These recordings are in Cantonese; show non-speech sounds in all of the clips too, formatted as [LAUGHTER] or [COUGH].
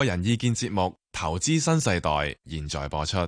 個人意見節目《投資新世代》，現在播出。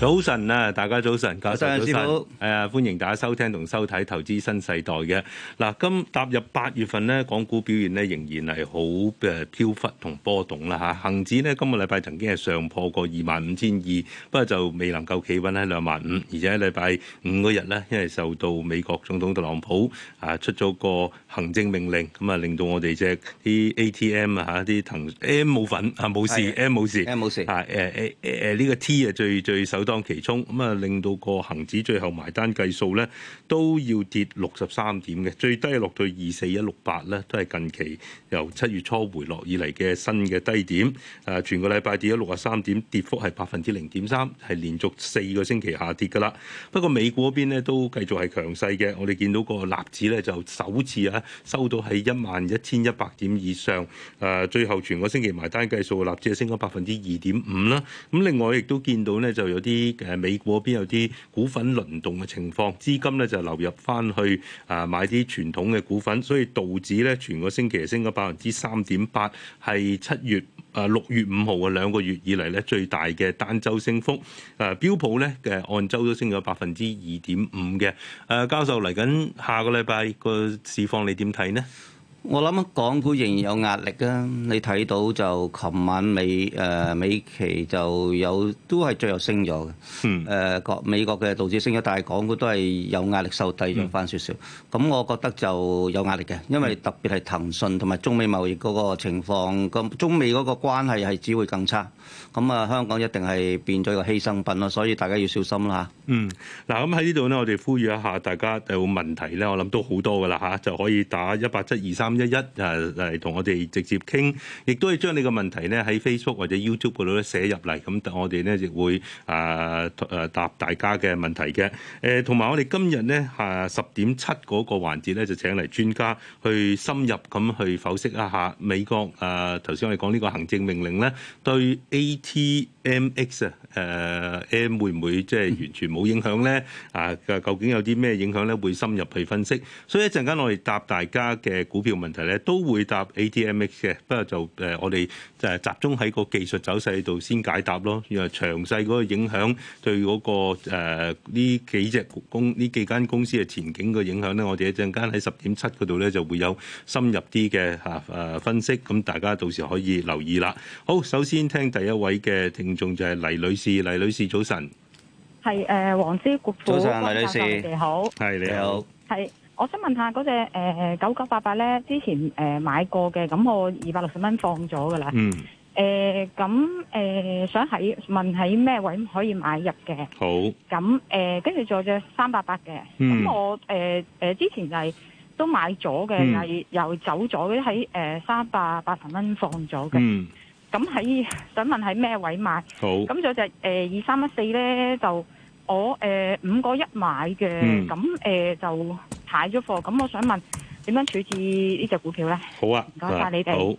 早晨啊，大家早晨，教授早晨，誒歡迎大家收聽同收睇《投資新世代》嘅嗱，今踏入八月份咧，港股表現咧仍然係好嘅飄忽同波動啦嚇，恆指咧今個禮拜曾經係上破過二萬五千二，不過就未能夠企穩喺兩萬五，而且禮拜五嗰日咧，因為受到美國總統特朗普啊出咗個行政命令，咁啊令到我哋即係啲 ATM 啊嚇啲騰 M 冇份嚇冇事，M 冇事，M 冇事嚇誒誒誒呢個 T 啊最最受到當其衝咁啊，令到個恒指最後埋單計數咧，都要跌六十三點嘅，最低落到二四一六八咧，都係近期由七月初回落以嚟嘅新嘅低點。誒，全個禮拜跌咗六十三點，跌幅係百分之零點三，係連續四個星期下跌㗎啦。不過美股嗰邊都繼續係強勢嘅，我哋見到個納指咧就首次啊收到喺一萬一千一百點以上。誒，最後全個星期埋單計數，納指係升咗百分之二點五啦。咁另外亦都見到呢就有啲啲誒美國嗰邊有啲股份輪動嘅情況，資金咧就流入翻去啊買啲傳統嘅股份，所以道指咧全個星期升咗百分之三點八，係七月啊六月五號嘅兩個月以嚟咧最大嘅單周升幅。誒、啊、標普咧嘅按周都升咗百分之二點五嘅。誒、啊、教授嚟緊下，下個禮拜個市況你點睇呢？我諗港股仍然有壓力啊！你睇到就琴晚美誒美期就有都係最後升咗嘅，誒國美國嘅道指升咗，但係港股都係有壓力收低咗翻少少。咁我覺得就有壓力嘅，因為特別係騰訊同埋中美貿易嗰個情況，咁中美嗰個關係係只會更差。咁啊，香港一定係變咗個犧牲品咯，所以大家要小心啦嚇。嗯，嗱咁喺呢度咧，我哋呼籲一下大家有問題咧，我諗都好多噶啦嚇，就可以打一八七二三。咁一一誒嚟同我哋直接傾，亦都係將你個問題呢喺 Facebook 或者 YouTube 嗰度呢寫入嚟，咁我哋呢亦會誒誒答大家嘅問題嘅。誒同埋我哋今日呢係十點七嗰個環節呢，就請嚟專家去深入咁去剖析一下美國誒頭先我哋講呢個行政命令呢對 ATMX 啊誒 M 會唔會即係完全冇影響呢？啊，究竟有啲咩影響呢？會深入去分析。所以一陣間我哋答大家嘅股票問題咧都會回答 ATMX 嘅，不過就誒我哋就係集中喺個技術走勢度先解答咯。因為詳細嗰個影響對嗰、嗰個呢、呃、幾隻公呢幾間公司嘅前景嘅影響咧，我哋一陣間喺十點七嗰度咧就會有深入啲嘅嚇誒分析。咁大家到時可以留意啦。好，首先聽第一位嘅聽眾就係黎女士，黎女士早晨。係誒，黃師傅。早晨上。黎女士你好，你好，係你好，係。我想問下嗰隻誒誒九九八八咧，之前誒買過嘅，咁我二百六十蚊放咗㗎喇。嗯。誒咁誒，想喺問喺咩位可以買入嘅？好。咁誒，跟住仲有隻三百八嘅，咁我誒誒之前就係都買咗嘅，係又走咗，喺誒三百八十蚊放咗嘅。嗯。咁喺想問喺咩位買？好。咁仲有隻誒二三一四咧，就我誒五個一買嘅，咁誒就。買咗貨，咁我想問點樣處置呢隻股票咧？好啊，唔該曬你哋。好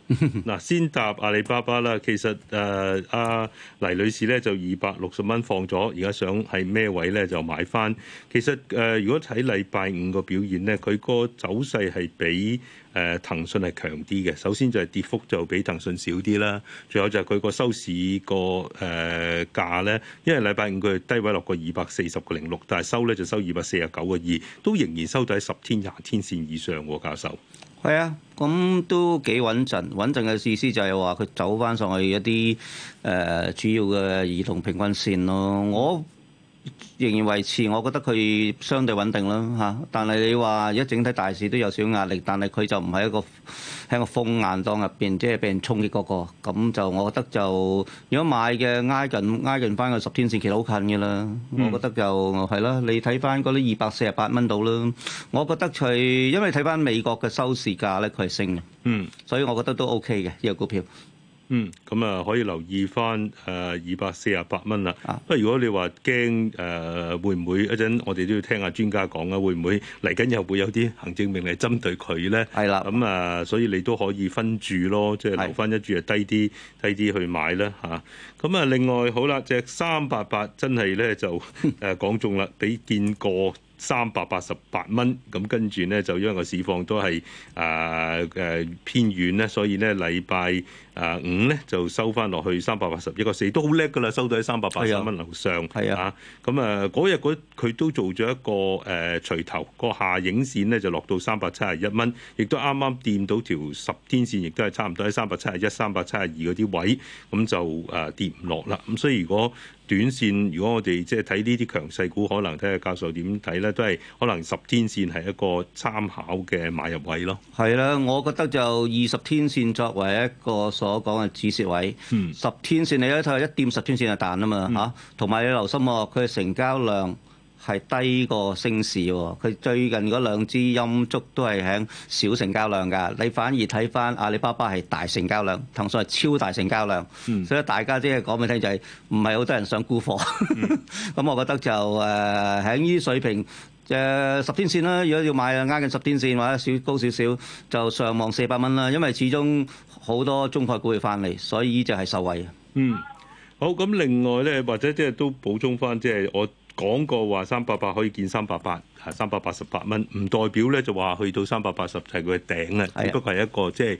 嗱，先答阿里巴巴啦。其實誒阿、呃呃、黎女士咧就二百六十蚊放咗，而家想喺咩位咧就買翻。其實誒、呃、如果睇禮拜五個表現咧，佢個走勢係比。誒騰訊係強啲嘅，首先就係跌幅就比騰訊少啲啦，仲有就係佢個收市個誒、呃、價咧，因為禮拜五佢低位落過二百四十個零六，但係收咧就收二百四十九個二，都仍然收到喺十天廿天線以上喎，教授。係啊，咁都幾穩陣，穩陣嘅意思就係話佢走翻上去一啲誒、呃、主要嘅移動平均線咯，我。仍然維持，我覺得佢相對穩定啦、吓、啊。但係你話一整體大市都有少少壓力，但係佢就唔係一個喺個風眼當入邊，即係俾人衝擊嗰、嗰個。咁就我覺得就如果買嘅挨近挨近翻個十天線其實好近嘅啦，嗯、啦，啦。我覺得就係啦。你睇翻嗰啲二百四十八蚊度啦。我覺得佢因為睇翻美國嘅收市價咧，佢係升嘅，嗯、所以我覺得都 OK 嘅呢、呢個股票。嗯，咁啊可以留意翻誒二百四十八蚊啦。不過、啊、如果你話驚誒，會唔會一陣我哋都要聽下專家講啊？會唔會嚟緊又會有啲行政命令針對佢咧？係啦的，咁啊，所以你都可以分住咯，即係留翻一注啊低啲的低啲去買啦嚇。咁啊，另外好啦，隻三八八真係咧就誒講中啦， [LAUGHS] 畀見過。三百八十八蚊，咁跟住呢就因為個市況都係誒誒偏軟呢，所以呢禮拜誒五呢就收翻落去三百八十一個四，都好叻噶啦，收到喺三百八十蚊樓上嚇。咁啊嗰日佢都做咗一個誒錘、呃、頭，個下影線呢，就落到三百七十一蚊，亦都啱啱掂到條十天線，亦都係差唔多喺三百七十一、三百七十二嗰啲位，咁就誒跌唔落啦。咁所以如果短線如果我哋即係睇呢啲強勢股，可能睇下教授點睇咧，都係可能十天線係一個參考嘅買入位咯。係啦，我覺得就二十天線作為一個所講嘅止蝕位，嗯、十天線你一睇一掂十天線就彈、嗯、啊嘛嚇，同埋你留心喎，佢嘅成交量。係低過升市喎，佢最近嗰兩支陰燭都係喺小成交量㗎。你反而睇翻阿里巴巴係大成交量，騰訊係超大成交量。嗯、所以大家即係講俾你聽，就係唔係好多人想沽貨。咁、嗯、 [LAUGHS] 我覺得就誒喺呢啲水平誒十、呃、天線啦、啊。如果要買，挨近十天線或者少高少少，就上望四百蚊啦。因為始終好多中概股會翻嚟，所以呢隻係受惠嘅。嗯，好。咁另外咧，或者即係都補充翻，即、就、係、是、我。講過話三百八可以見三百八，啊三百八十八蚊，唔代表咧就話去到三百八十係佢嘅頂啊，只不過係一個即係誒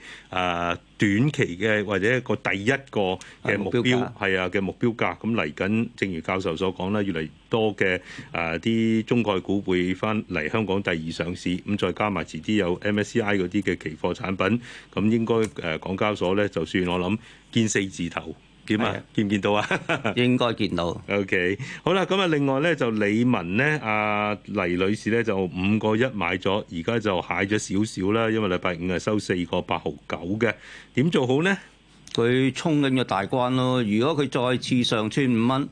短期嘅或者一個第一個嘅目標，係啊嘅目標價。咁嚟緊，正如教授所講啦，越嚟越多嘅誒啲中概股會翻嚟香港第二上市，咁再加埋遲啲有 MSCI 嗰啲嘅期貨產品，咁應該誒、呃、港交所咧，就算我諗見四字頭。點啊？的見唔見到啊？ [LAUGHS] 應該見到。OK，好啦，咁啊，另外咧就李文呢，阿、啊、黎女士咧就五個一買咗，而家就蟹咗少少啦，因為禮拜五係收四個八毫九嘅，點做好呢？佢衝緊個大關咯，如果佢再次上穿五蚊，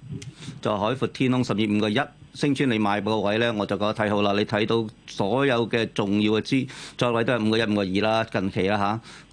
就海闊天空十二五個一。升穿你買個位咧，我就覺得睇好啦。你睇到所有嘅重要嘅支持位都係五個一、五個二啦，近期啊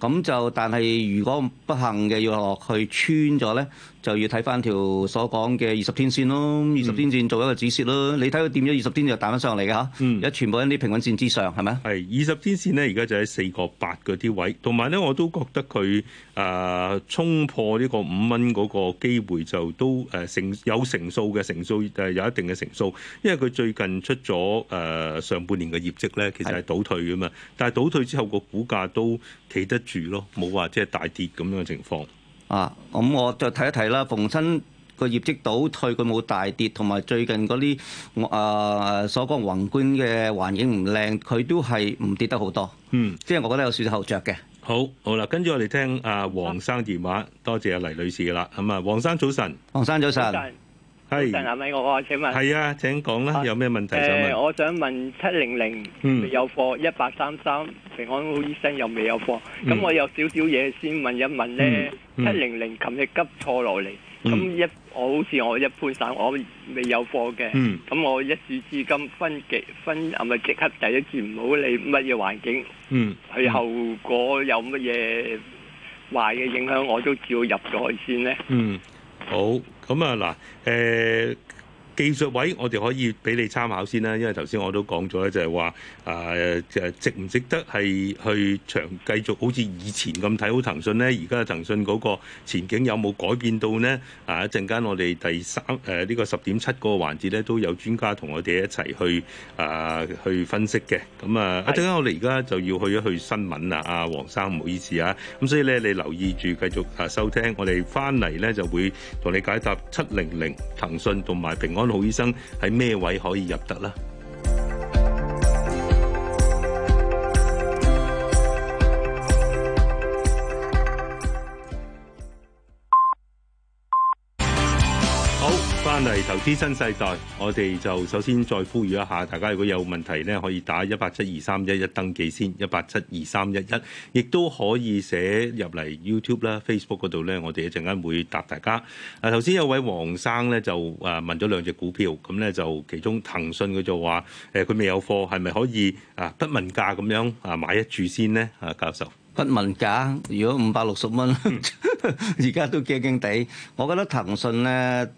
吓。咁就。但係如果不幸嘅要落去穿咗咧。就要睇翻條所講嘅二十天線咯，嗯、二十天線做一個止蝕咯。嗯、你睇佢掂咗二十天就又彈翻上嚟㗎吓，而家、嗯、全部喺啲平均線之上，係咪？係二十天線咧，而家就喺四個八嗰啲位。同埋咧，我都覺得佢誒、呃、衝破呢個五蚊嗰個機會就都誒、呃、成有成數嘅成數誒有一定嘅成數。因為佢最近出咗誒、呃、上半年嘅業績咧，其實係倒退㗎嘛。但係倒退之後個股價都企得住咯，冇話即係大跌咁樣嘅情況。啊，咁、嗯、我再睇一睇啦。逢親個業績倒退，佢冇大跌，同埋最近嗰啲我所講宏觀嘅環境唔靚，佢都係唔跌得好多。嗯，即係我覺得有少少後着嘅。好好啦，跟住我哋聽阿黃生電話，多謝阿黎女士啦。咁、嗯、啊，黃生早晨。黃生早晨。謝謝。係，係啊，請講啦，有咩問題想問？我想問七零零未有貨，一八三三平安好醫生又未有貨，咁、嗯、我有少少嘢先問一問呢，七零零琴日急錯落嚟，咁、嗯、一我好似我一般散，我未有貨嘅，咁、嗯、我一注資金，分級分係咪即刻第一注唔好理乜嘢環境，嗯，佢後果有乜嘢壞嘅影響，我都照入咗去先呢。嗯。好，咁啊嗱，誒、欸。技術位我哋可以俾你參考先啦，因為頭先我都講咗咧，就係話誒誒值唔值得係去長繼續好似以前咁睇好騰訊咧，而家騰訊嗰個前景有冇改變到咧？啊，一陣間我哋第三誒呢個十點七個環節咧都有專家同我哋一齊去誒、啊、去分析嘅。咁啊，一陣間我哋而家就要去一去新聞啊，阿黃生唔好意思啊。咁、啊、所以咧，你留意住繼續啊收聽我哋翻嚟咧就會同你解答七零零騰訊同埋平安。好醫生喺咩位可以入得咧？投資新世代，我哋就首先再呼籲一下大家，如果有問題咧，可以打一八七二三一一登記先，一八七二三一一，1，亦都可以寫入嚟 YouTube 啦、Facebook 嗰度咧，我哋一陣間會答大家。啊，頭先有位黃生咧就啊問咗兩隻股票，咁咧就其中騰訊佢就話誒佢未有貨，係咪可以啊不問價咁樣啊買一注先呢？啊教授，不問價，如果五百六十蚊，而 [LAUGHS] 家都驚驚地，我覺得騰訊咧。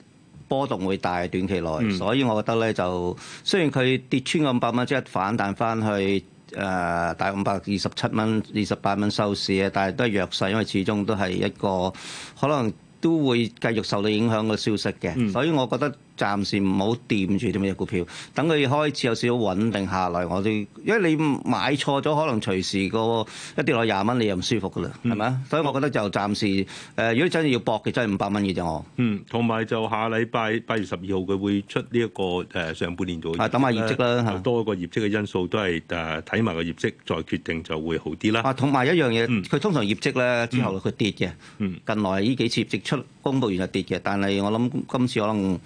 波動會大，短期內，嗯、所以我覺得咧就，雖然佢跌穿個五百蚊即刻反彈翻去，誒、呃，大五百二十七蚊、二十八蚊收市啊，但係都係弱勢，因為始終都係一個可能都會繼續受到影響嘅消息嘅，嗯、所以我覺得。暫時唔好掂住啲咩股票，等佢開始有少少穩定下來，我哋因為你買錯咗，可能隨時個一跌落廿蚊，你又唔舒服噶啦，係咪啊？所以我覺得就暫時誒、呃，如果真係要搏嘅，真係五百蚊嘅啫我。嗯，同埋就下禮拜八月十二號佢會出呢、這、一個誒、呃、上半年度。啊，等下業績啦，好多個業績嘅因素都係誒睇埋個業績再決定就會好啲啦。啊，同埋一樣嘢，佢是通常業績咧之後佢跌嘅。嗯嗯、近來呢幾次業績出公佈完就跌嘅，但係我諗今次可能。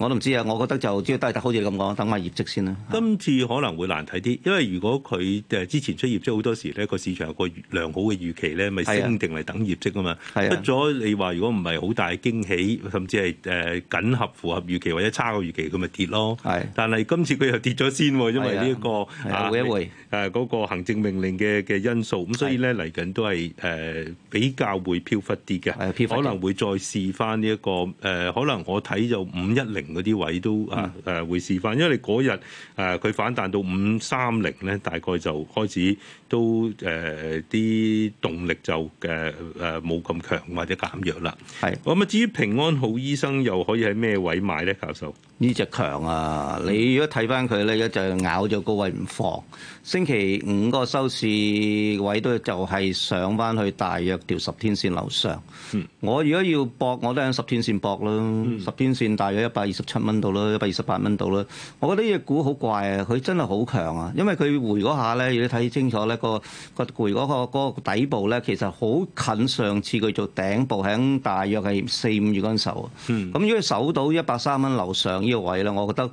我都唔知啊，我覺得就只要都係好似你咁講，等埋業績先啦。今次可能會難睇啲，因為如果佢誒之前出業績好多時咧，個市場有個良好嘅預期咧，咪、啊、升定嚟等業績啊嘛。係。出咗你話，如果唔係好大嘅驚喜，甚至係誒、呃、緊合符合預期或者差過預期，咁咪跌咯。係、啊。但係今次佢又跌咗先喎，啊、因為呢、呢個啊、一個會啊會誒嗰個行政命令嘅嘅因素。咁、啊、所以咧嚟緊都係誒、呃、比較會飄忽啲嘅，啊、可能會再試翻呢一個誒、呃。可能我睇就五一零。嗰啲位都啊誒、啊、會示範，因為你嗰日誒佢反彈到五三零咧，大概就開始都誒啲、呃、動力就誒誒冇咁強，或者減弱啦。係咁啊，至於平安好醫生又可以喺咩位買咧？教授呢隻強啊！你如果睇翻佢咧，一隻咬咗高位唔放，星期五個收市位都就係上翻去大約條十天線樓上。嗯，我如果要搏，我都喺十天線搏啦，嗯、十天線大約一百二十七蚊度啦，一百二十八蚊度啦。我覺得呢隻股好怪啊，佢真係好強啊。因為佢回嗰下咧，如果你睇清楚咧，嗰個回、嗰個回嗰、嗰個底部咧，其實好近上次佢做頂部，喺大約係四五月嗰陣時候。嗯。咁如果佢守到一百三蚊樓上呢個位咧，我覺得。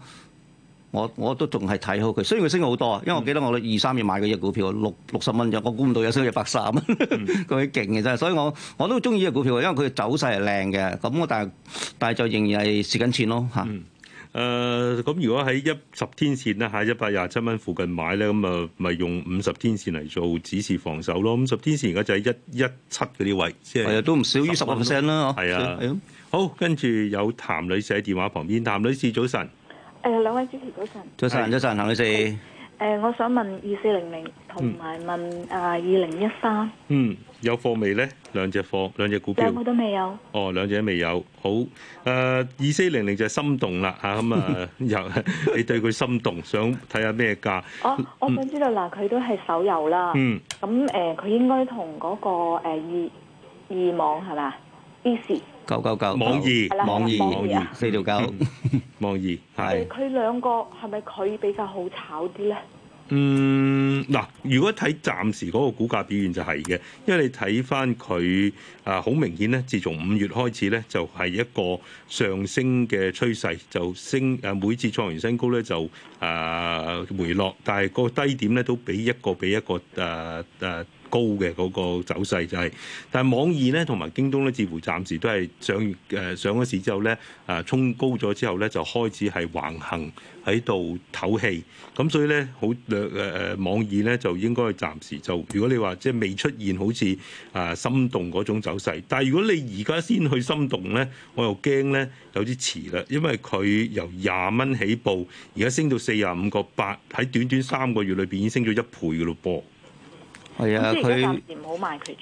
我我都仲係睇好佢，雖然佢升好多啊，因為我記得我二三年買嗰隻股票六六十蚊啫，我估唔到有升到百三蚊，佢勁嘅真係，所以我我都中意隻股票，因為佢走勢係靚嘅。咁我但係但係就仍然係蝕緊錢咯嚇。誒咁、嗯呃、如果喺一十天線啊，喺一百廿七蚊附近買咧，咁啊咪用五十天線嚟做指示防守咯。五十天線而家就喺一一七嗰啲位，即係都唔少於十個 percent 啦。哦，係啊，啊好，跟住有譚女士喺電話旁邊，譚女士早晨。誒，兩位主持早晨，早晨，早晨，陳女士。誒，我想問二四零零，同埋問啊二零一三。嗯，有貨未咧？兩隻貨，兩隻股票。兩個都未有。哦，兩隻都未有，好。誒，二四零零就係心動啦，吓咁啊，又你對佢心動，想睇下咩價？哦，我想知道嗱，佢都係手遊啦。嗯。咁誒，佢應該同嗰個誒二二網係嘛？Easy。九九九，網易，網易，網易疑，四條九，網易疑，係疑。佢兩個係咪佢比較好炒啲咧？嗯，嗱，如果睇暫時嗰個股價表現就係嘅，因為你睇翻佢啊，好明顯咧，自從五月開始咧，就係、是、一個上升嘅趨勢，就升，誒、啊，每次創完新高咧就啊回落，但係個低點咧都比一個比一個啊啊！啊高嘅嗰、那個走勢就係、是，但係網易咧同埋京東咧，似乎暫時都係上誒、呃、上咗市之後咧啊，衝、呃、高咗之後咧就開始係橫行喺度唞氣。咁所以咧，好誒誒、呃、網易咧就應該係暫時就，如果你話即係未出現好似啊、呃、心動嗰種走勢，但係如果你而家先去心動咧，我又驚咧有啲遲啦，因為佢由廿蚊起步，而家升到四十五個八，喺短短三個月裏邊已經升咗一倍噶咯噃。係啊，即係、嗯、佢暫時唔好賣佢住，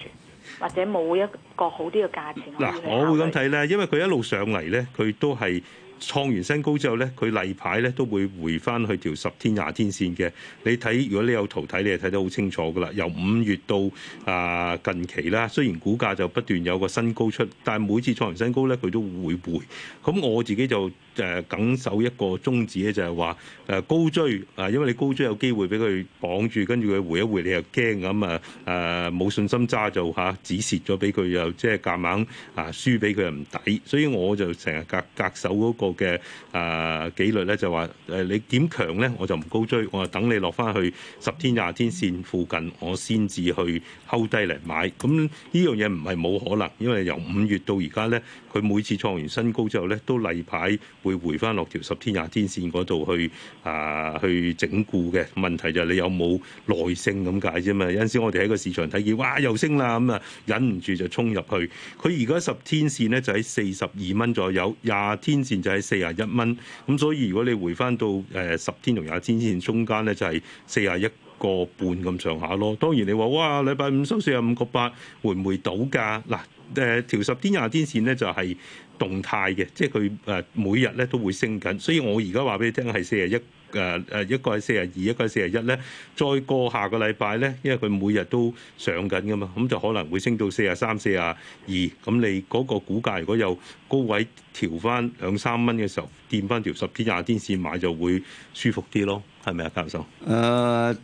或者冇一個好啲嘅價錢。嗱，我會咁睇咧，因為佢一路上嚟咧，佢都係創完新高之後咧，佢例牌咧都會回翻去條十天廿天線嘅。你睇，如果你有圖睇，你係睇得好清楚噶啦。由五月到啊近期啦，雖然股價就不斷有個新高出，但係每次創完新高咧，佢都會回。咁我自己就。誒緊守一個宗旨咧，就係話誒高追啊、呃，因為你高追有機會俾佢綁住，跟住佢回一回就，你又驚咁啊誒，冇信心揸就嚇，止蝕咗俾佢又即係夾硬啊，輸俾佢又唔抵，所以我就成日格格守嗰個嘅誒、呃、紀律咧，就話誒、呃、你點強咧，我就唔高追，我就等你落翻去十天廿天線附近，我先至去拋低嚟買。咁、嗯、呢樣嘢唔係冇可能，因為由五月到而家咧，佢每次創完新高之後咧，都例牌。會回翻落條十天廿天線嗰度去啊，去整固嘅問題就係你有冇耐性咁解啫嘛？有陣時我哋喺個市場睇見哇又升啦，咁啊忍唔住就衝入去。佢而家十天線咧就喺四十二蚊左右；廿天線就喺四十一蚊。咁所以如果你回翻到誒十天同廿天線中間咧，就係四十一個半咁上下咯，當然你話哇，禮拜五收四十五個八，會唔會倒價？嗱、啊，誒，條十天、廿天線咧就係動態嘅，即係佢誒每日咧都會升緊，所以我而家話俾你聽係四十一誒誒一個係四十二，一個係四十一咧。再過下個禮拜咧，因為佢每日都上緊噶嘛，咁就可能會升到四十三、四十二。咁你嗰個股價如果有高位調翻兩三蚊嘅時候，墊翻條十天、廿天線買就會舒服啲咯。係咪啊，教授？誒、呃，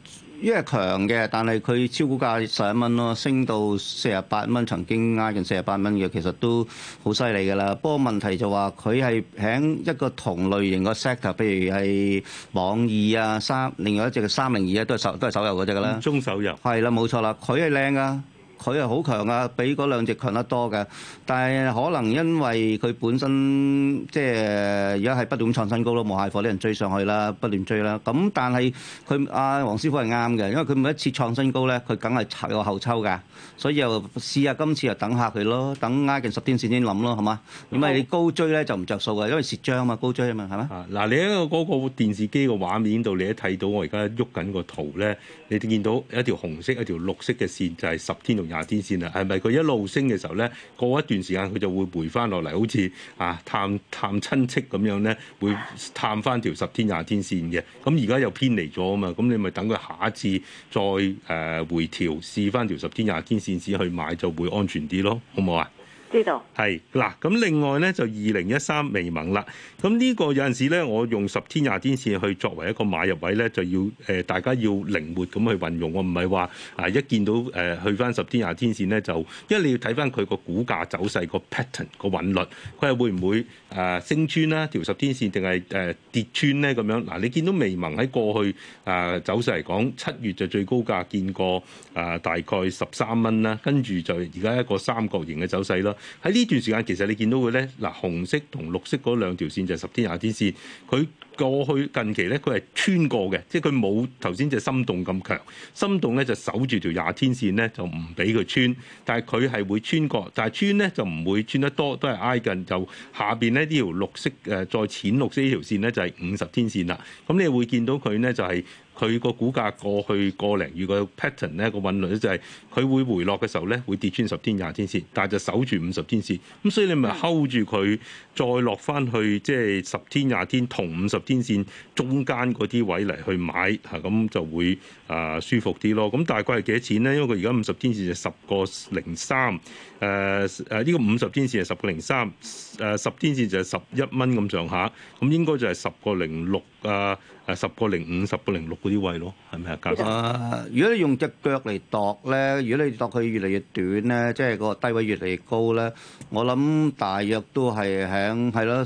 因為強嘅，但係佢超股價十一蚊咯，升到四十八蚊，曾經挨近四十八蚊嘅，其實都好犀利噶啦。不過問題就話佢係喺一個同類型個 sector，譬如係網易啊三，另外一隻三零二啊，都係手都係手遊嗰隻噶啦，中手遊？係啦，冇錯啦，佢係靚噶。佢係好強噶，比嗰兩隻強得多嘅。但係可能因為佢本身即係而家係不斷創新高咯，無蟹貨啲人追上去啦，不斷追啦。咁但係佢阿黃師傅係啱嘅，因為佢每一次創新高咧，佢梗係有後抽㗎。所以又試下今次又等下佢咯，等挨近十天線先諗咯，係嘛？因為你高追咧就唔著數㗎，因為蝕章啊嘛，高追啊嘛，係咪？啊！嗱，你喺我嗰個電視機個畫面度，你一睇到我而家喐緊個圖咧，你見到有一條紅色、一條綠色嘅線，就係十天廿天線啊，係咪佢一路升嘅時候咧，過一段時間佢就會回翻落嚟，好似啊探探親戚咁樣咧，會探翻條十天廿天線嘅。咁而家又偏離咗啊嘛，咁你咪等佢下一次再誒、呃、回調，試翻條十天廿天線先去買就會安全啲咯，好唔好啊？知道係嗱，咁另外咧就二零一三微盟啦。咁呢個有陣時咧，我用十天廿天線去作為一個買入位咧，就要誒、呃、大家要靈活咁去運用，我唔係話啊一見到誒、呃、去翻十天廿天線咧就，因為你要睇翻佢個股價走勢個 pattern 個韻律，佢係會唔會誒、呃、升穿啦條十天線，定係誒跌穿咧咁樣？嗱、啊，你見到微盟喺過去誒、呃、走勢嚟講，七月就最高價見過誒、呃、大概十三蚊啦，跟住就而家一個三角形嘅走勢咯。喺呢段時間，其實你見到佢咧，嗱紅色同綠色嗰兩條線就十天、廿天線。佢過去近期咧，佢係穿過嘅，即係佢冇頭先隻心動咁強。心動咧就守住條廿天線咧，就唔俾佢穿。但係佢係會穿過，但係穿咧就唔會穿得多，都係挨近就下邊咧呢條綠色誒，再淺綠色呢條線咧就係、是、五十天線啦。咁你會見到佢咧就係、是。佢個股價過去個零月個 pattern 咧，個韻律咧，就係佢會回落嘅時候咧，會跌穿十天廿天線，但係就守住五十天線。咁所以你咪 hold 住佢再落翻去即係十天廿天同五十天線中間嗰啲位嚟去買吓，咁、啊、就會啊舒服啲咯。咁、啊、大概係幾多錢咧？因為佢而家五十天線就十個零三，誒誒呢個五十天線係十個零三，誒十天線就係十一蚊咁上下，咁應該就係十個零六。誒誒、啊啊、十個零五、十個零六嗰啲位咯，係咪啊？誒，如果你用隻腳嚟度咧，如果你度佢越嚟越短咧，即、就、係、是、個低位越嚟越高咧，我諗大約都係喺係咯，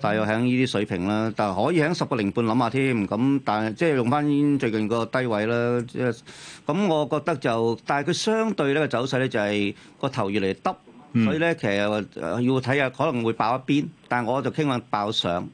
大約喺呢啲水平啦。但係可以喺十個零半諗下添。咁但係即係用翻最近個低位啦。咁、就是、我覺得就，但係佢相對呢個走勢咧、就是，就係個頭越嚟越耷，嗯、所以咧其實、呃、要睇下可能會爆一邊，但係我就傾向爆上。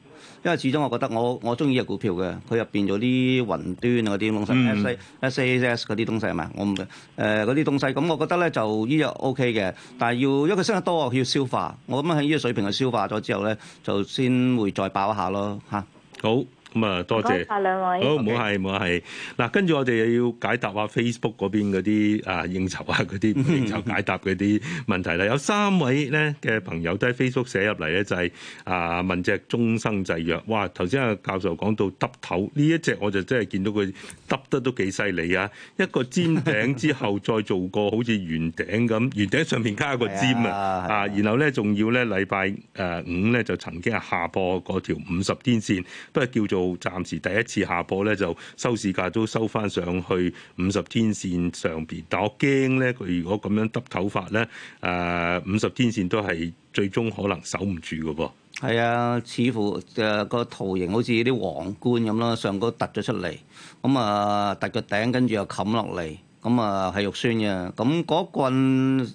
因為始終我覺得我我中意依隻股票嘅，佢入面有啲雲端啊嗰啲東西，SAS 嗰啲東西係咪？我唔誒嗰啲東西，咁、嗯我，呃、我覺得咧就依隻 O K 嘅，但係要因為佢升得多，佢要消化。我諗喺依個水平係消化咗之後呢，就先會再爆一下咯嚇。好。咁啊，多謝。好唔好？係唔好係。嗱，跟住我哋又要解答啊，Facebook 嗰邊嗰啲啊應酬啊嗰啲應酬解答嗰啲問題啦。有三位咧嘅朋友都喺 Facebook 寫入嚟咧，就係啊問隻中生製藥。哇，頭先阿教授講到耷頭呢一隻，我就真係見到佢耷得都幾犀利啊！一個尖頂之後再做個好似圓頂咁，圓頂上面加一個尖啊啊！ [LAUGHS] 然後咧仲要咧禮拜誒五咧就曾經係下破嗰條五十天線，不過叫做。暫時第一次下坡咧，就收市價都收翻上去五十天線上邊，但我驚咧，佢如果咁樣耷頭發咧，誒五十天線都係最終可能守唔住噶噃。係啊，似乎誒個、呃、圖形好似啲皇冠咁咯，上高凸咗出嚟，咁啊凸個頂，跟住又冚落嚟。咁啊係肉酸嘅，咁嗰棍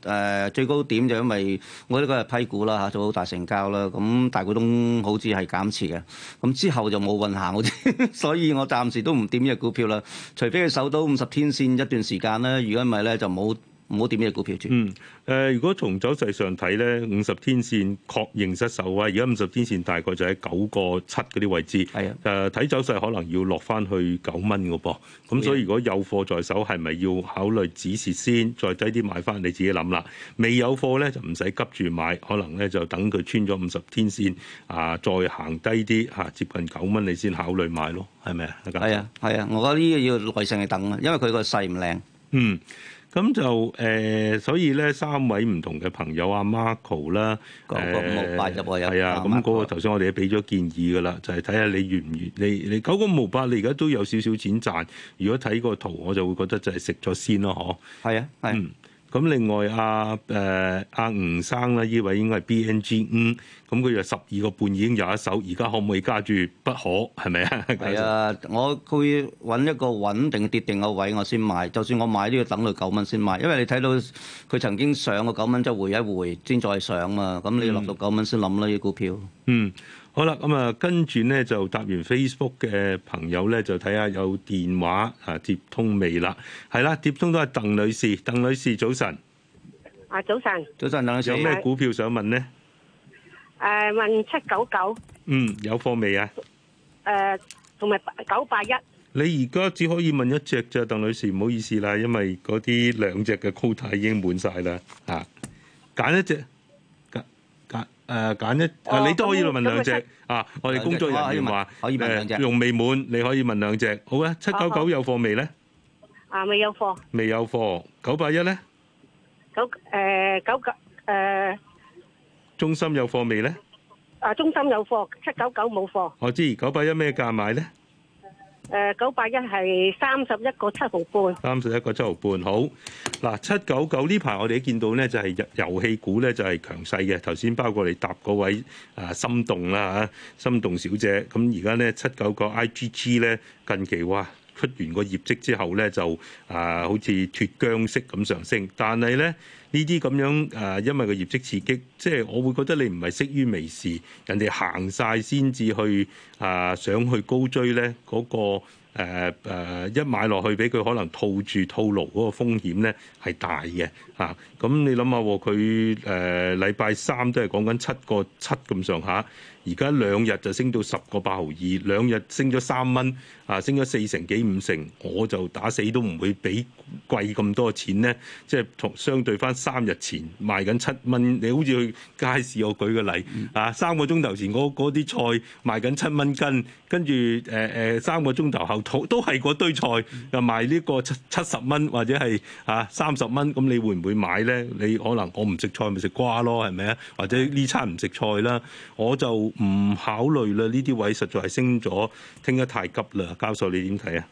誒最高點就因為我呢個係批股啦嚇，做好大成交啦，咁大股東好似係減持嘅，咁之後就冇運行，好似 [LAUGHS] 所以我暫時都唔掂呢隻股票啦，除非佢守到五十天線一段時間咧，如果唔係咧就冇。唔好點咩股票住。嗯，誒、呃，如果從走勢上睇咧，五十天線確認失守啊！而家五十天線大概就喺九個七嗰啲位置。係啊的，誒、呃，睇走勢可能要落翻去九蚊個噃。咁、嗯、真是 所以如果有貨在手，係咪要考慮止蝕先，再低啲買翻？你自己諗啦。未有貨咧就唔使急住買，可能咧就等佢穿咗五十天線啊，再行低啲嚇、啊、接近九蚊，你先考慮買咯，係咪啊？係啊，係啊的，我覺得呢個要耐性去等啊，因為佢個勢唔靚。嗯。嗯咁就誒、呃，所以咧三位唔同嘅朋友阿 Marco 啦、呃，九個無霸入去有，係啊，咁嗰、啊、個頭先我哋都俾咗建議噶啦，就係睇下你願唔願，你你九個無霸你而家都有少少錢賺，如果睇個圖我就會覺得就係食咗先咯，嗬。係啊，係、啊。嗯。咁另外阿誒阿吳生咧，呢位應該係 BNG 五、嗯，咁佢就十二個半已經有一手，而家可唔可以加住？不可係咪啊？係 [LAUGHS] 啊，我會揾一個穩定跌定嘅位我先買，就算我買都要等到九蚊先買，因為你睇到佢曾經上過九蚊，即回一回先再上嘛。咁你要落到九蚊先諗啦，啲、嗯、股票。嗯。好啦，咁啊，跟住呢，就答完 Facebook 嘅朋友呢，就睇下有電話啊接通未啦？係啦，接通都係鄧女士，鄧女士早晨。啊，早晨。早晨，早晨有咩股票想問呢？誒、呃，問七九九。嗯，有貨未啊？誒、呃，同埋九八一。你而家只可以問一隻啫，鄧女士，唔好意思啦，因為嗰啲兩隻嘅 quota 已經滿晒啦，嚇、啊，揀一隻。誒，揀一誒，你都可以嚟問兩隻啊！我哋工作人員話誒，用未滿，你可以問兩隻，好啊。七九九有貨未咧？啊，未有貨。未有貨，九八一咧？九誒，九九誒，中心有貨未咧？啊，中心有貨，七九九冇貨。我知九八一咩價買咧？誒九八一係三十一個七毫半，三十一個七毫半好。嗱七九九呢排我哋見到呢，就係遊遊戲股呢，就係強勢嘅。頭先包括你答嗰位啊，心動啦嚇、啊，心動小姐。咁而家呢，七九九 IGG 呢，近期哇出完個業績之後呢，就啊好似脫韁式咁上升。但係呢，呢啲咁樣啊，因為個業績刺激，即係我會覺得你唔係識於微時，人哋行晒先至去。啊，想去高追咧，嗰、那個誒誒、呃、一買落去俾佢可能套住套牢嗰個風險咧係大嘅嚇。咁、啊、你諗下佢誒禮拜三都係講緊七個七咁上下，而家兩日就升到十個八毫二，兩日升咗三蚊，啊升咗四成幾五成，我就打死都唔會俾貴咁多錢咧。即係同相對翻三日前賣緊七蚊，你好似去街市，我舉個例啊，三個鐘頭前嗰嗰啲菜賣緊七蚊。斤，跟住誒誒三個鐘頭後，都都係嗰堆菜，又賣呢個七七十蚊或者係啊三十蚊，咁、啊、你會唔會買咧？你可能我唔食菜咪食瓜咯，係咪啊？或者呢餐唔食菜啦，我就唔考慮啦。呢啲位實在係升咗，升得太急啦。教授你點睇啊？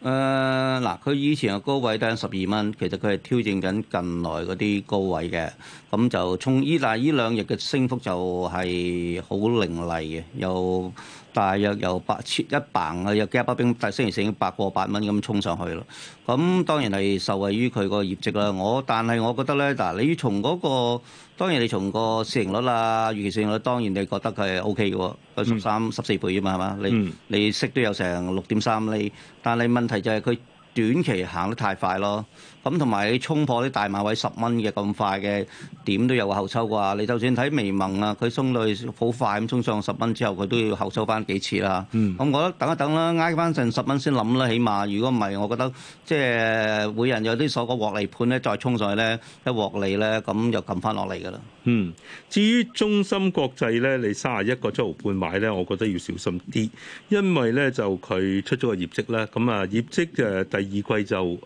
誒嗱、呃，佢以前嘅高位低十二蚊，其實佢係挑戰緊近來嗰啲高位嘅，咁就從依但依兩日嘅升幅就係好凌厲嘅，又～大約由八千一磅啊，又幾百兵，但星期四已經百個八蚊咁衝上去咯。咁當然係受惠於佢個業績啦。我但係我覺得咧，嗱、啊，你要從嗰、那個，當然你從個市盈率啊、預期市盈率，當然你覺得佢係 O K 嘅，有十三、十四倍啊嘛，係嘛、mm hmm.？你你息都有成六點三厘，但係問題就係佢短期行得太快咯。咁同埋你衝破啲大碼位十蚊嘅，咁快嘅點都有個後抽啩，你就算睇微盟啊，佢鬆到去好快咁鬆上十蚊之後，佢都要後抽翻幾次啦。咁、嗯、我覺得等一等啦，捱翻成十蚊先諗啦，起碼如果唔係，我覺得即係每人有啲所講獲利盤咧，再衝上去咧一獲利咧，咁又撳翻落嚟㗎啦。嗯，至於中芯國際咧，你三十一個七毫半買咧，我覺得要小心啲，因為咧就佢出咗個業績咧，咁、嗯、啊業績誒第二季就誒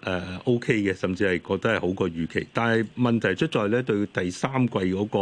O K 嘅，甚至係覺得係好過預期，但係問題出在咧對第三季嗰個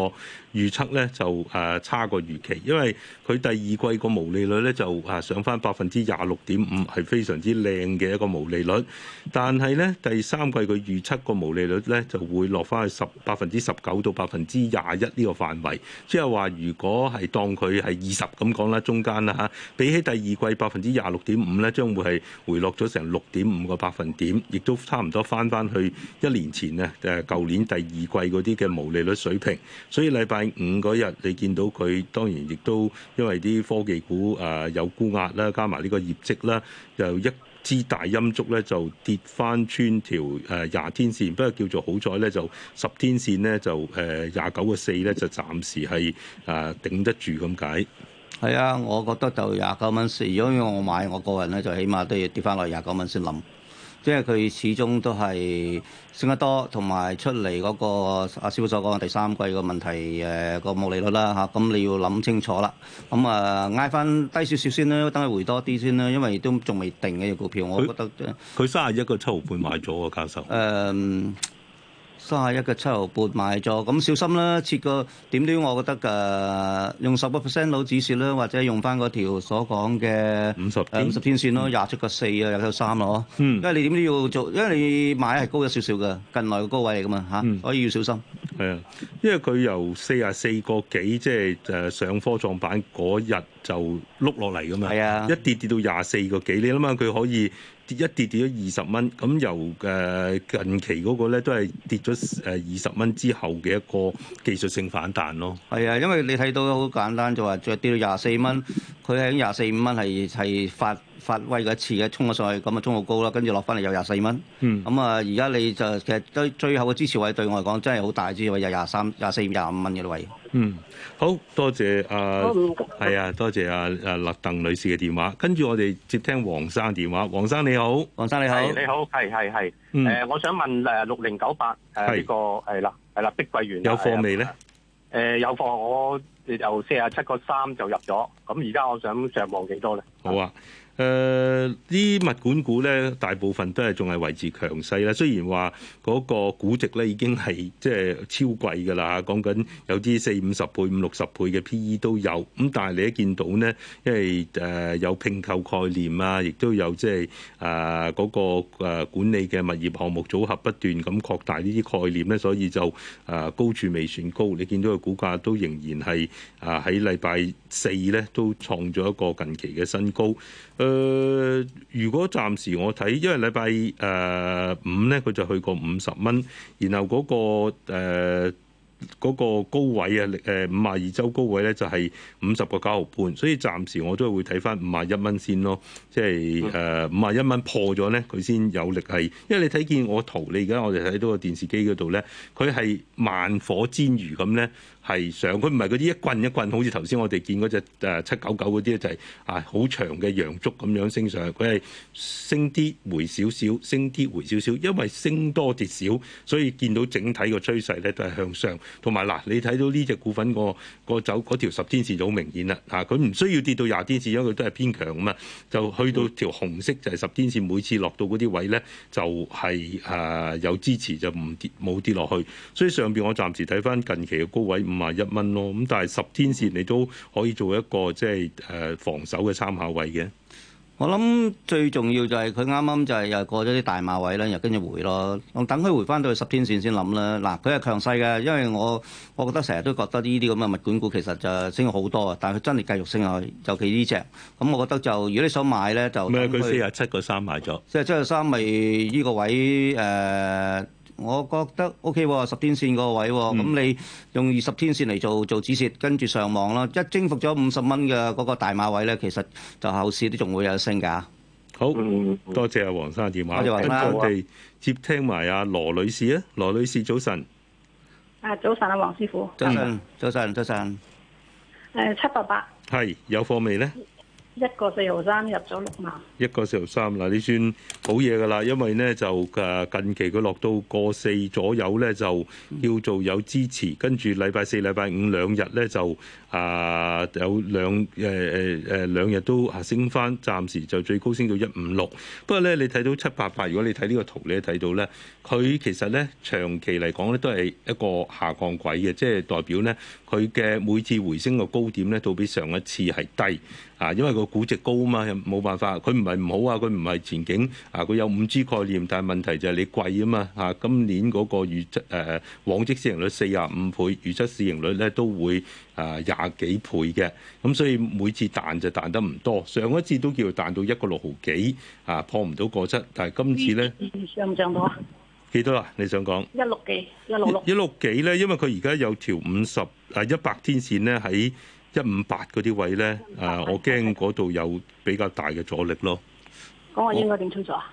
預測咧就誒、呃、差過預期，因為佢第二季個毛利率咧就誒上翻百分之廿六點五，係非常之靚嘅一個毛利率，但係咧第三季佢預測個毛利率咧就會落翻去十百分之十九到百分之廿。廿一呢個範圍，即係話如果係當佢係二十咁講啦，中間啦嚇，比起第二季百分之廿六點五咧，將會係回落咗成六點五個百分點，亦都差唔多返返去一年前咧誒舊年第二季嗰啲嘅毛利率水平。所以禮拜五嗰日你見到佢，當然亦都因為啲科技股誒、呃、有沽壓啦，加埋呢個業績啦，就一支大陰燭咧就跌翻穿條誒廿、呃、天線，不過叫做好彩咧就十天線咧就誒廿九個四咧就暫時係誒、呃、頂得住咁解。係啊，我覺得就廿九蚊四，如果要我買我個人咧就起碼都要跌翻落廿九蚊先諗。即係佢始終都係升得多，同埋出嚟嗰、嗰個阿師傅所講嘅第三季嘅問題，誒個毛利率啦嚇，咁、啊、你要諗清楚啦。咁、嗯、啊，挨、呃、翻低少少先啦，等佢回多啲先啦，因為都仲未定嘅隻股票，啊、它我覺得。佢三十一個七毫半買咗嘅教授。嗯。呃都係一個七毫半買咗，咁小心啦！設個點都要我覺得誒、呃、用十個 percent 攞指示啦，或者用翻嗰條所講嘅五十五十天線、呃嗯啊、咯，廿出個四啊，有得三咯，哦，因為你點都要做，因為你買係高咗少少嘅，近來嘅高位嚟噶嘛嚇，啊嗯、所以要小心。係、就是、啊，因為佢由四十四個幾，即係誒上科創板嗰日就碌落嚟㗎嘛，一跌跌到廿四個幾，你諗下，佢可以跌一跌跌咗二十蚊，咁、嗯、由誒近期嗰個咧都係跌咗誒二十蚊之後嘅一個技術性反彈咯。係啊，因為你睇到好簡單，就話、是、再跌到廿四蚊，佢喺廿四五蚊係係發，發威嘅一次嘅衝咗上去，咁啊衝好高啦，跟住落翻嚟又廿四蚊。咁啊、嗯，而家、嗯、你就其實對最後嘅支持位對我嚟講真係好大支位，廿三、廿四、位，廿廿三、廿四、廿五蚊嘅呢位。嗯，好多謝啊，係、uh, 嗯、啊，多謝啊啊律鄧女士嘅電話。跟住我哋接聽黃生電話。黃生你好，黃生你好，你好，係係係。誒，嗯、我想問誒六零九八誒呢個係啦，係啦，碧桂園有貨未咧？誒、呃、有貨，我由四廿七個三就入咗，咁而家我想上望幾多咧？好啊。誒啲、呃、物管股咧，大部分都係仲係維持強勢啦。雖然話嗰個估值咧已經係即係超貴㗎啦，講緊有啲四五十倍、五六十倍嘅 PE 都有。咁但係你一見到呢，因為誒有併購概念啊，亦都有即係誒嗰個管理嘅物業項目組合不斷咁擴大呢啲概念咧，所以就誒高處未算高。你見到個股價都仍然係啊喺禮拜四咧都創咗一個近期嘅新高。誒、呃，如果暫時我睇，因為禮拜誒、呃、五咧，佢就去過五十蚊，然後嗰、那個、呃嗰個高位啊，誒五十二周高位咧就係五十個九毫半，所以暫時我都會睇翻五十一蚊先咯。即係誒五十一蚊破咗咧，佢先有力係。因為你睇見我圖，你而家我哋睇到個電視機嗰度咧，佢係慢火煎魚咁咧係上，佢唔係嗰啲一棍一棍，好似頭先我哋見嗰隻誒七九九嗰啲咧，就係啊好長嘅洋燭咁樣升上，佢係升啲回少少，升啲回少少，因為升多跌少，所以見到整體個趨勢咧都係向上。同埋嗱，你睇到呢隻股份個個走嗰條十天線就好明顯啦，吓，佢唔需要跌到廿天線，因為佢都係偏強啊嘛，就去到條紅色就係、是、十天線，每次落到嗰啲位咧就係、是、誒、呃、有支持就唔跌冇跌落去，所以上邊我暫時睇翻近期嘅高位五啊一蚊咯，咁但係十天線你都可以做一個即係誒防守嘅參考位嘅。我諗最重要就係佢啱啱就係又過咗啲大馬位咧，又跟住回咯。等佢回翻到去十天線先諗啦。嗱，佢係強勢嘅，因為我我覺得成日都覺得呢啲咁嘅物管股其實就升咗好多啊。但係佢真係繼續升落去，尤其呢隻。咁、嗯、我覺得就如果你想買咧，就咩佢先係四十七個三買咗。即係四十七個三咪呢個位誒？呃我覺得 OK 喎，十天線個位喎，咁你用二十天線嚟做做指示，跟住上望啦。一征服咗五十蚊嘅嗰個大馬位咧，其實就後市都仲會有升㗎。好，多謝阿黃生嘅電話，跟住我哋接聽埋阿羅女士啊，羅女士早晨。啊，早晨啊，黃師傅。早晨，早晨，早晨。誒，七八八。係有貨未咧？一個四號三入咗六萬，一個四號三嗱，你算好嘢㗎啦，因為呢，就誒近期佢落到個四左右呢，就叫做有支持，跟住禮拜四、禮拜五兩日呢，就啊、呃、有兩誒誒誒兩日都升翻，暫時就最高升到一五六。不過呢，你睇到七百八，如果你睇呢個圖，你睇到呢，佢其實呢，長期嚟講呢，都係一個下降軌嘅，即係代表呢，佢嘅每次回升個高點呢，都比上一次係低啊，因為個。估值高嘛，冇辦法。佢唔係唔好啊，佢唔係前景啊。佢有五 G 概念，但係問題就係你貴啊嘛。嚇、啊，今年嗰個預測誒、呃、往績市盈率四十五倍，預測市盈率咧都會誒廿幾倍嘅。咁所以每次彈就彈得唔多，上一次都叫彈到一個六毫幾啊，破唔到個七。但係今次咧、嗯嗯，上唔上到啊？幾多啊？你想講一六幾一六六一六幾咧？因為佢而家有條五十誒一百天線咧喺。一五八嗰啲位咧，啊，我驚嗰度有比較大嘅阻力咯。咁我應該點操作啊？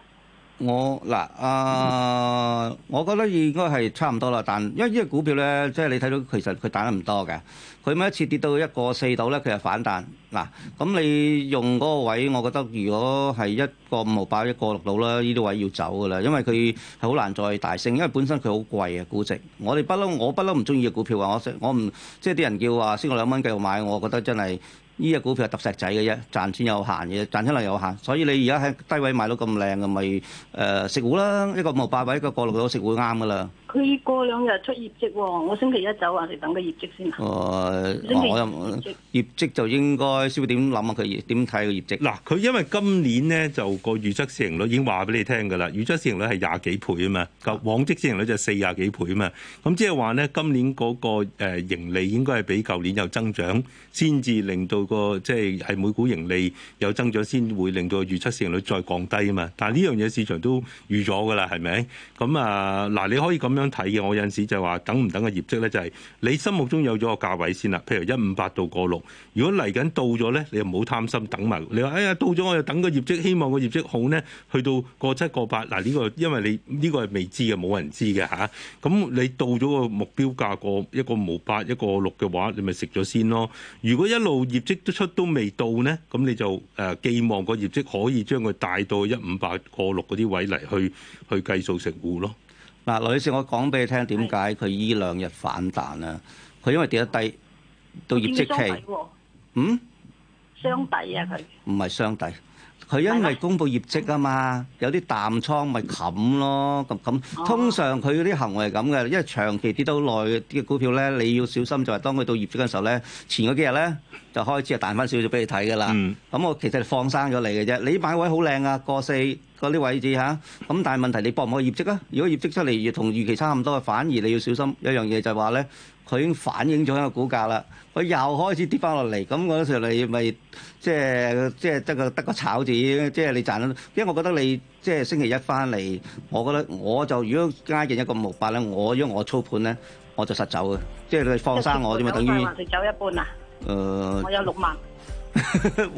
我嗱啊、呃，我覺得應該係差唔多啦。但因為呢隻股票咧，即係你睇到其實佢打得唔多嘅。佢每一次跌到一個四度咧，佢就反彈。嗱，咁你用嗰個位，我覺得如果係一個五毫八一個六度啦，呢啲位要走噶啦。因為佢係好難再大升，因為本身佢好貴啊，估值。我哋不嬲，我不嬲唔中意嘅股票啊。我識我唔即係啲人叫話先個兩蚊繼續買，我覺得真係。呢隻股票係揼石仔嘅啫，賺錢有限嘅，賺出嚟有限，所以你而家喺低位買到咁靚嘅咪誒食糊啦，一個五毫八位，一個過六度食糊啱嘅啦。佢過兩日出業績喎。哦，我星期一走啊，你等個業績先。哦、呃，我又業，績業績就應該，需要點諗啊？佢業點睇個業績？嗱、啊，佢因為今年咧就個預測市盈率已經話俾你聽㗎啦，預測市盈率係廿幾倍啊嘛，個往績市盈率就四廿幾倍啊嘛。咁即係話咧，今年嗰個誒盈利應該係比舊年有增長，先至令到個即係係每股盈利有增長，先會令到預測市盈率再降低啊嘛。但係呢樣嘢市場都預咗㗎啦，係咪？咁啊嗱，你可以咁樣。睇嘅我有陣時就話等唔等個業績咧，就係、是、你心目中有咗個價位先啦。譬如一五八到過六，如果嚟緊到咗咧，你又唔好貪心等埋。你話哎呀到咗，我又等個業績，希望個業績好咧，去到過七過八。嗱、啊、呢、這個因為你呢、這個係未知嘅，冇人知嘅吓。咁、啊、你到咗個目標價過一個無八一個六嘅話，你咪食咗先咯。如果一路業績都出都未到咧，咁你就誒、啊、寄望個業績可以將佢帶到一五八過六嗰啲位嚟去去計數成戶咯。嗱，女士，我講俾你聽，點解佢呢兩日反彈啦？佢的因為跌得低到業績期，嗯，雙底啊，佢唔係雙底。佢因為公布業績啊嘛，有啲淡倉咪冚咯咁咁。通常佢嗰啲行為係咁嘅，因為長期跌到耐嘅股票咧，你要小心就係當佢到業績嘅時候咧，前嗰幾日咧就開始係彈翻少少俾你睇㗎啦。咁我其實放生咗你嘅啫，你呢擺位好靚啊，過四個啲位置嚇。咁但係問題你博唔到業績啊？如果業績出嚟同預期差咁多，反而你要小心。有一樣嘢就係話咧，佢已經反映咗一個股價啦。佢又開始跌翻落嚟，咁嗰時你咪即係即係得個得個炒字，即係你賺咗。因為我覺得你即係星期一翻嚟，我覺得我就如果加入一個木板咧，我因為我操盤咧，我就實走嘅，即係你放生我啫嘛，等於。九走一半啊？誒、呃，我有六萬。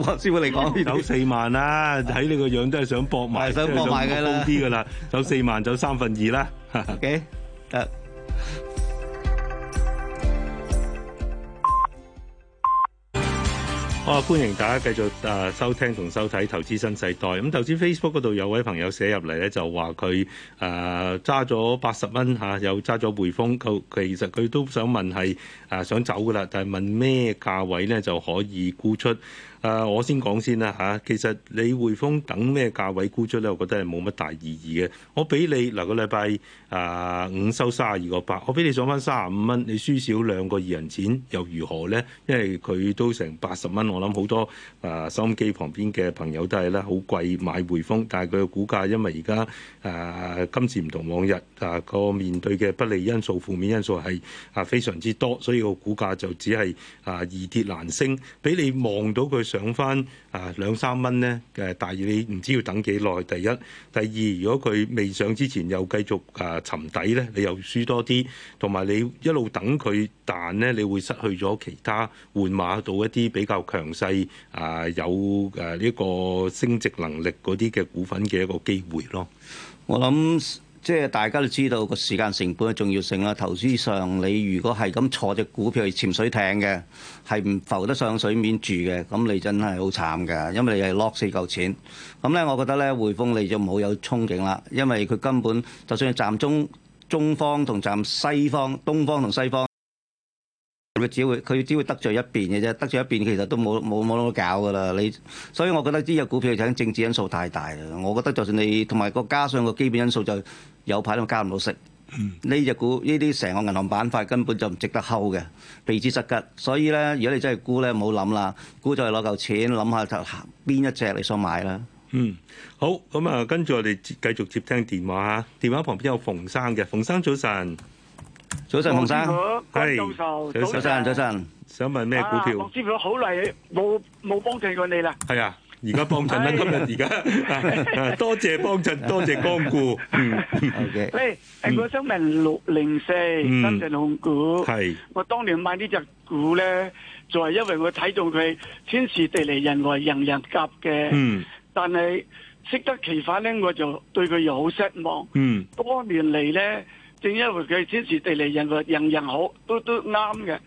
黃 [LAUGHS] 師傅你講，有四萬啦！睇你個樣都係想搏埋，想搏埋㗎啦。高啲㗎啦，走四萬，走萬就三分二啦。 [LAUGHS] OK，得。哦，歡迎大家繼續誒、呃、收聽同收睇《投資新世代》。咁、嗯、頭先 Facebook 嗰度有位朋友寫入嚟咧，就話佢誒揸咗八十蚊嚇，又揸咗匯豐。佢其實佢都想問係誒、啊、想走噶啦，但係問咩價位咧就可以沽出？誒，uh, 我先講先啦嚇、啊。其實你匯豐等咩價位沽出咧，我覺得係冇乜大意義嘅。我俾你嗱、嗰個禮拜誒五收卅二個八，我俾你上翻卅五蚊，你輸少兩個二人錢又如何咧？因為佢都成八十蚊，我諗好多誒收音機旁邊嘅朋友都係咧好貴買匯豐，但係佢嘅股價因為而家誒今次唔同往日，誒、啊、個面對嘅不利因素、負面因素係啊非常之多，所以個股價就只係啊易跌難升。俾你望到佢，上翻啊兩三蚊咧，誒，但係你唔知要等幾耐。第一，第二，如果佢未上之前又繼續啊沉底咧，你又輸多啲。同埋你一路等佢彈咧，你會失去咗其他換馬到一啲比較強勢啊有誒呢個升值能力嗰啲嘅股份嘅一個機會咯。我諗。即係大家都知道個時間成本嘅重要性啦。投資上你如果係咁坐隻股票係潛水艇嘅，係唔浮得上水面住嘅，咁你真係好慘㗎，因為你係 lock 四嚿錢。咁咧，我覺得咧，匯豐你就唔好有憧憬啦，因為佢根本就算係站中中方同站西方，東方同西方。佢只會佢只會得罪一邊嘅啫，得罪一邊其實都冇冇冇得搞噶啦。你所以，我覺得呢隻股票就係政治因素太大。我覺得就算你同埋個加上個基本因素，就有排都加唔到息。呢隻股呢啲成個銀行板塊根本就唔值得睺嘅，避之則吉。所以咧，如果你真係沽咧，唔好諗啦，沽就係攞嚿錢，諗下就邊一隻你想買啦。嗯，好，咁啊，跟住我哋接繼續接聽電話。電話旁邊有馮生嘅，馮生早晨。早晨，洪生，係。早晨，早晨，想問咩股票？洪師傅好耐，冇冇幫襯過你啦。係啊，而家幫襯啦，今日而家，多謝幫襯，多謝光顧。O K，誒，我想問六零四深圳控股，係。我當年買呢隻股咧，就係因為我睇到佢天時地利人和，人人夾嘅。嗯。但係適得其反咧，我就對佢又好失望。嗯。多年嚟咧。正因為佢天時地利人和樣樣好，都都啱嘅。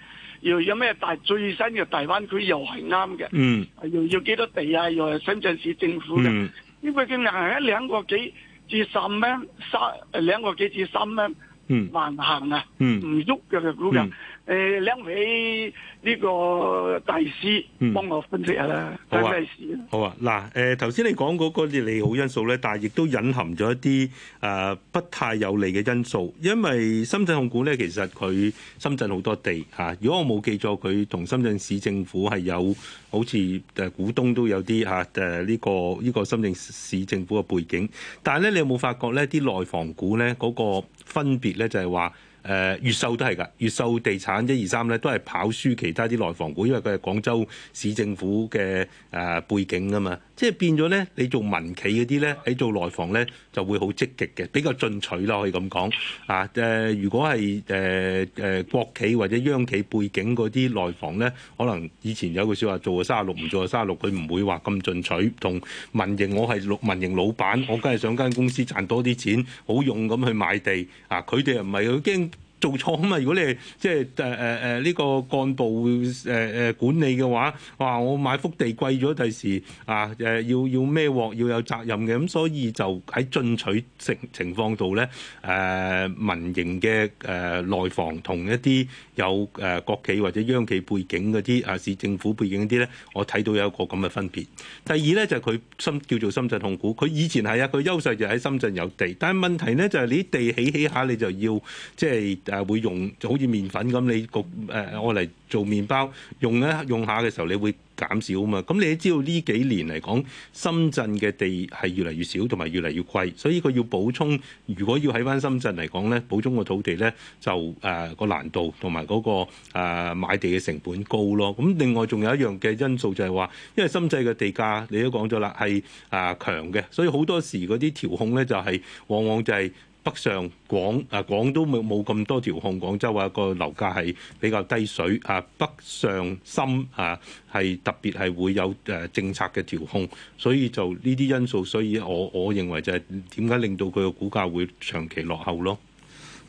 又有咩大最新嘅大灣區，又係啱嘅。嗯，又要幾多地啊？又係深圳市政府嘅。嗯，因為佢硬係兩個幾至十蚊，三兩個幾至三蚊，三三嗯，還行啊。嗯，唔喐嘅嘅碌嘅。誒，兩位呢個大師幫我分析下啦，大師、嗯、好啊。嗱，誒頭先你講嗰個利好因素咧，但係亦都隱含咗一啲誒、呃、不太有利嘅因素，因為深圳控股咧，其實佢深圳好多地嚇、啊。如果我冇記錯，佢同深圳市政府係有好似誒股東都有啲嚇誒呢個呢、這個深圳市政府嘅背景。但係咧，你有冇發覺咧，啲內房股咧嗰、那個分別咧，就係話。誒越、呃、秀都係㗎，越秀地產一二三咧都係跑輸其他啲內房股，因為佢係廣州市政府嘅誒、呃、背景㗎嘛。即係變咗咧，你做民企嗰啲咧你做內房咧就會好積極嘅，比較進取咯，可以咁講啊。誒、呃、如果係誒誒國企或者央企背景嗰啲內房咧，可能以前有句説話說做啊三十六唔做啊三十六，佢唔會話咁進取。同民營，我係民營老闆，我梗係想間公司賺多啲錢，好用咁去買地啊。佢哋又唔係好驚。做錯啊嘛！如果你係即係誒誒誒呢個幹部誒誒管理嘅話，哇！我買幅地貴咗，第時啊誒要要咩鑊要有責任嘅，咁所以就喺進取情情況度咧，誒民營嘅誒內房同一啲有誒國企或者央企背景嗰啲啊市政府背景嗰啲咧，我睇到有一個咁嘅分別。第二咧就係佢深叫做深圳控股，佢以前係啊佢優勢就喺深圳有地，但係問題咧就係你啲地起起下你就要即係。誒會用就好似麵粉咁，你焗誒我嚟做麵包用咧，用，用下嘅時候你會減少啊嘛。咁你都知道呢幾年嚟講，深圳嘅地係越嚟越少，同埋越嚟越貴，所以佢要補充。如果要喺翻深圳嚟講咧，補充個土地咧，就誒個、呃、難度同埋嗰個誒、呃、買地嘅成本高咯。咁另外仲有一樣嘅因素就係、是、話，因為深圳嘅地價你都講咗啦，係誒、呃、強嘅，所以好多時嗰啲調控咧就係、是、往、往往就係、是。北上廣啊，廣都冇冇咁多調控，廣州啊個樓價係比較低水啊。北上深啊，係特別係會有誒、啊、政策嘅調控，所以就呢啲因素，所以我我認為就係點解令到佢個股價會長期落後咯。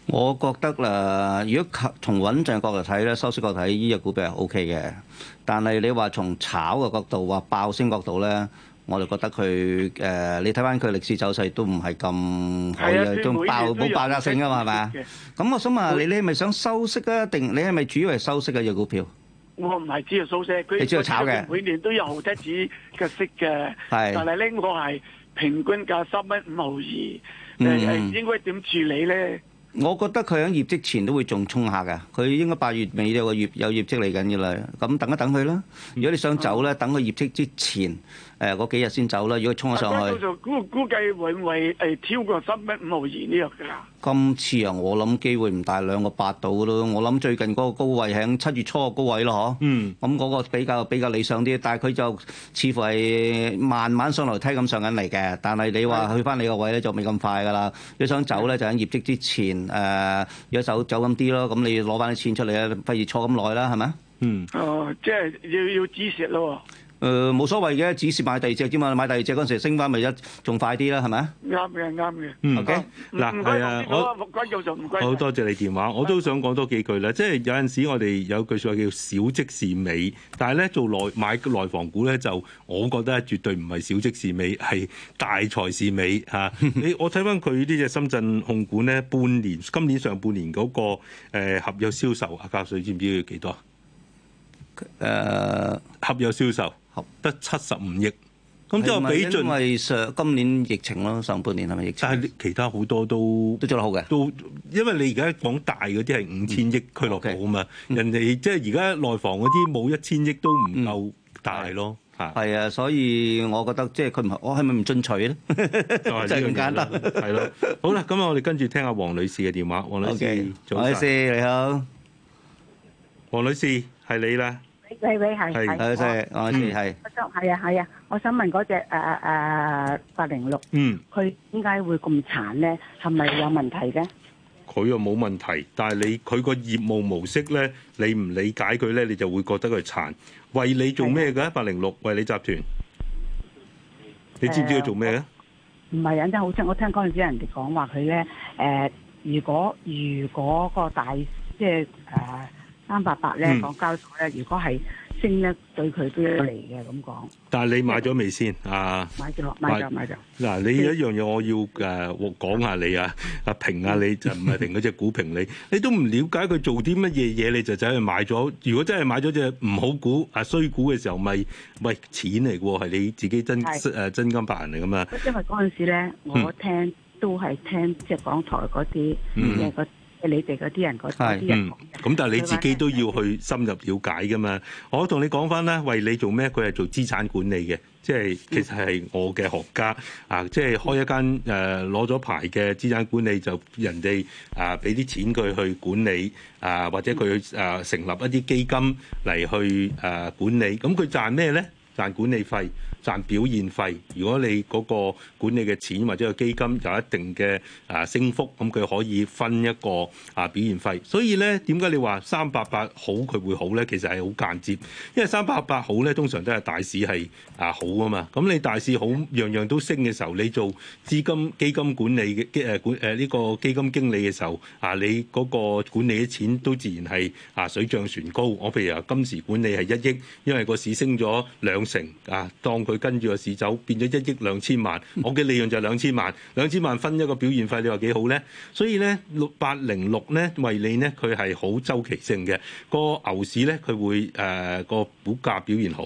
我覺得啦，如果從穩陣、這個 OK、角度睇咧，收息角度睇，呢隻股票係 O K 嘅，但係你話從炒嘅角度或爆升角度咧。我就覺得佢誒，你睇翻佢歷史走勢都唔係咁好嘅，都爆冇爆炸性噶嘛，係咪啊？咁我想問下你，你係咪想收息啊？定你係咪主要係收息嘅隻股票？我唔係主要收息，你主要炒嘅，佢每年都有紅體子嘅息嘅，但係咧我係平均價三蚊五毫二誒誒，應該點處理咧？我覺得佢喺業績前都會仲衝下嘅，佢應該八月尾有個業有業績嚟緊嘅啦。咁等一等佢啦，如果你想走咧，等佢業績之前。誒嗰、哎、幾日先走啦！如果衝咗上去，估估計會唔會誒超過十蚊五毫二呢樣嘅？今次啊，我諗機會唔大，兩個八度咯。我諗最近嗰個高位係七月初嘅高位咯，嗬。嗯。咁嗰、嗯那個比較比較理想啲，但係佢就似乎係慢慢上樓梯咁上緊嚟嘅。但係你話去翻你個位咧，就未咁快噶啦。你想走咧，就喺業績之前誒、呃，如果走走咁啲咯，咁你要攞翻啲錢出嚟啊！費事坐咁耐啦，係咪？嗯。哦，即係要要止蝕咯。誒，冇、呃、所謂嘅，只是買第二隻啫嘛，買第二隻嗰陣時升翻，咪一仲快啲啦，係咪啱？嘅，啱嘅 Okay.、嗯。OK 嗱，係啊，好，唔該，有就唔該。好多謝你電話，我都想講多幾句啦。嗯、即係有陣時我哋有句說話叫小即是美，但係咧做內買內房股咧，就我覺得絕對唔係小即是美，係大才是美吓、啊。你我睇翻佢呢隻深圳控股咧，半年今年上半年嗰、那個誒合約銷售合交稅知唔知要幾多？誒、呃，合約銷售、售。得七十五億，咁即係比盡，因為上今年疫情咯，上半年係咪疫情？但係其他好多都都做得好嘅，都因為你而家講大嗰啲係五千億俱樂部啊嘛，人哋即係而家內房嗰啲冇一千億都唔夠大咯，係啊，所以我覺得即係佢唔係我係咪唔進取咧，就係咁簡單，係啦，好啦，咁啊，我哋跟住聽下黃女士嘅電話，黃女士，黃女士你好，黃女士係你啦。喂，喂係係，我先係，係啊係啊，我想問嗰隻誒誒八零六，嗯，佢點解會咁殘咧？係咪有問題嘅？佢又冇問題，但係你佢個業務模式咧，你唔理解佢咧，你就會覺得佢殘。為你做咩嘅？八零六為你集團，你知唔知佢做咩咧？唔係引得好清，我聽嗰陣時人哋講話佢咧誒，如果如果個大即係誒。三八八咧，港交所咧，如果係升咧，對佢都嚟嘅咁講。但係你買咗未先啊？買咗，買咗，買咗。嗱、啊，你一樣嘢，我要誒講、uh, 下你啊，阿平啊，你，就唔係評嗰隻股評你。你都唔了解佢做啲乜嘢嘢，你就走去買咗。如果真係買咗隻唔好股、啊衰股嘅時候，咪、就是、喂，錢嚟嘅喎，係你自己真誒真是金白銀嚟㗎嘛。因為嗰陣時咧，我聽都係聽即係港台嗰啲嘅個。嗯你哋嗰啲人，嗰啲人，咁、嗯、但係你自己都要去深入了解噶嘛？我同你講翻啦，喂，你做咩？佢係做資產管理嘅，即係其實係我嘅學家啊，即係開一間誒攞咗牌嘅資產管理，就人哋啊俾啲錢佢去管理啊，或者佢去啊成立一啲基金嚟去誒、啊、管理，咁佢賺咩咧？賺管理費。賺表現費，如果你嗰個管理嘅錢或者個基金有一定嘅啊升幅，咁佢可以分一個啊表現費。所以咧，點解你話三八八好佢會好咧？其實係好間接，因為三八八好咧，通常都係大市係啊好啊嘛。咁你大市好，樣樣都升嘅時候，你做資金基金管理嘅基誒管誒呢個基金經理嘅時候，啊你嗰個管理嘅錢都自然係啊水漲船高。我譬如話今時管理係一億，因為個市升咗兩成啊，當佢。佢跟住個市走，變咗一億兩千萬，我嘅利潤就係兩千萬。兩千萬分一個表現費，你話幾好咧？所以咧六八零六咧，為你咧佢係好周期性嘅，個牛市咧佢會誒個、呃、股價表現好。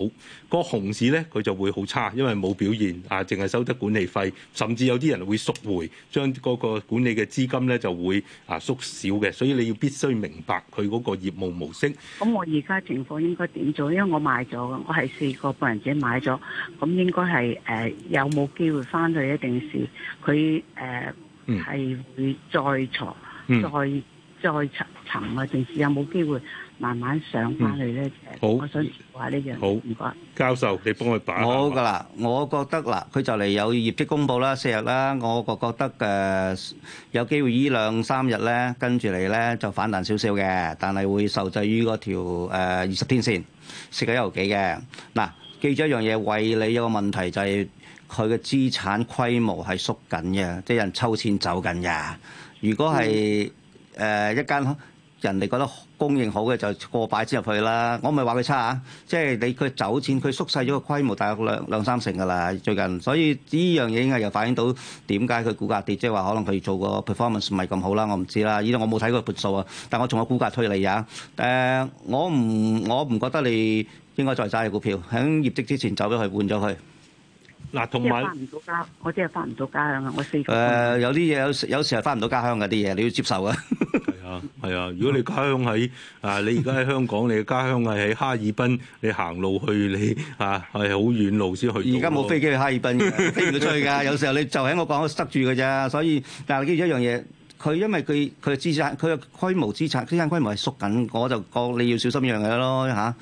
個熊市咧，佢就會好差，因為冇表現，啊，淨係收得管理費，甚至有啲人會贖回，將嗰個管理嘅資金咧就會啊縮小嘅，所以你要必須明白佢嗰個業務模式。咁我而家情況應該點做？因為我買咗我係四個半人者買咗，咁應該係誒、呃、有冇機會翻去？一定是佢誒係會再挫、再再沉啊？沉定是有冇機會？慢慢上翻去咧，誒，我想話呢樣好，唔該，教授，你幫我把下。我噶啦，我覺得嗱，佢就嚟有業績公佈啦，四日啦，我個覺得誒有機會依兩三日咧，跟住嚟咧就反彈少少嘅，但係會受制於嗰條誒二十天線，食緊一毫幾嘅嗱。記住一樣嘢，惠理有個問題就係佢嘅資產規模係縮緊嘅，即係人抽錢走緊呀。如果係誒一間人哋覺得。供應好嘅就過百千入去啦，我唔係話佢差啊，即係你佢走錢，佢縮細咗個規模，大概兩兩三成噶啦最近，所以呢樣嘢又反映到點解佢股價跌，即係話可能佢做個 performance 唔係咁好啦，我唔知啦，以度我冇睇過盤數啊，但我仲有股價推理啊，誒、呃、我唔我唔覺得你應該再揸嘅股票，喺業績之前走咗去換咗佢。嗱，同埋我啲又翻唔到家，我啲又翻唔到家鄉啊！我四誒有啲嘢有有時係翻唔到家鄉嘅啲嘢，你要接受啊！係啊，係啊！如果你家鄉喺啊，你而家喺香港，你嘅家鄉係喺哈爾濱，你行路去你啊係好遠路先去。而家冇飛機去哈爾濱嘅，飛唔到出去㗎。有時候你就喺我講，塞住㗎咋。所以但係記住一樣嘢，佢因為佢佢資產，佢嘅規模資產資產規模係縮緊，我就講你要小心一樣嘢咯嚇。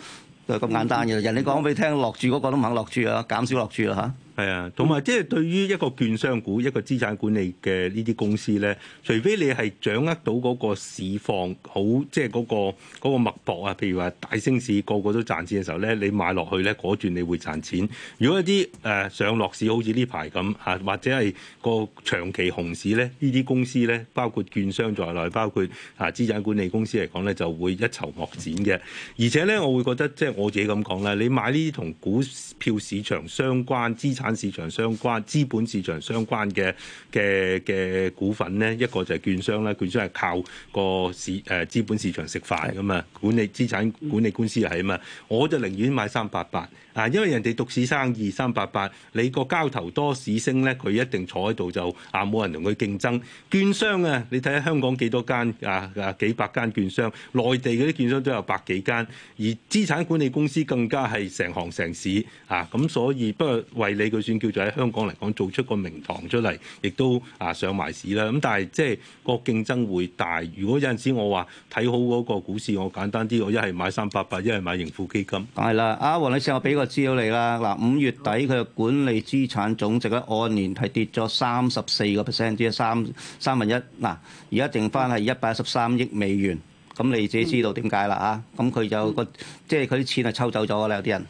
就咁簡單嘅，人哋講俾你聽落住嗰個都唔肯落住啊，減少落住啊嚇。係啊，同埋即係對於一個券商股、一個資產管理嘅呢啲公司咧，除非你係掌握到嗰個市況好，即係嗰個嗰、嗰個、脈搏啊。譬如話大升市個個都賺錢嘅時候咧，你買落去咧嗰轉你會賺錢。如果一啲誒上落市好似呢排咁吓，或者係個長期熊市咧，呢啲公司咧，包括券商在內，包括吓資產管理公司嚟講咧，就會一籌莫展嘅。而且咧，我會覺得即係、即係、我自己咁講啦，你買呢啲同股票市場相關資產。跟市場相關、資本市場相關嘅嘅嘅股份咧，一個就係券商啦，券商係靠個市誒資本市場食飯噶嘛，管理資產管理公司係啊嘛，我就寧願買三八八。啊，因為人哋獨市生意三八八，你個交投多市升咧，佢一定坐喺度，就啊冇人同佢競爭。券商啊，你睇下香港幾多間啊，啊幾百間券商，內地嗰啲券商都有百幾間，而資產管理公司更加係成行成市啊！咁所以不過為你，佢算叫做喺香港嚟講做出個名堂出嚟，亦都啊上埋市啦。咁但係即係個競爭會大。如果有陣時我話睇好嗰個股市，我簡單啲，我一係買三八八，一係買盈富基金。係啦，阿、啊、黃女士，我俾個。知道你啦，嗱五月底佢嘅管理資產總值咧按年係跌咗三十四個 percent，即係三三分一。嗱，而家剩翻係一百一十三億美元，咁你自己知道點解啦嚇？咁佢就個即係佢啲錢係抽走咗啦，有啲人。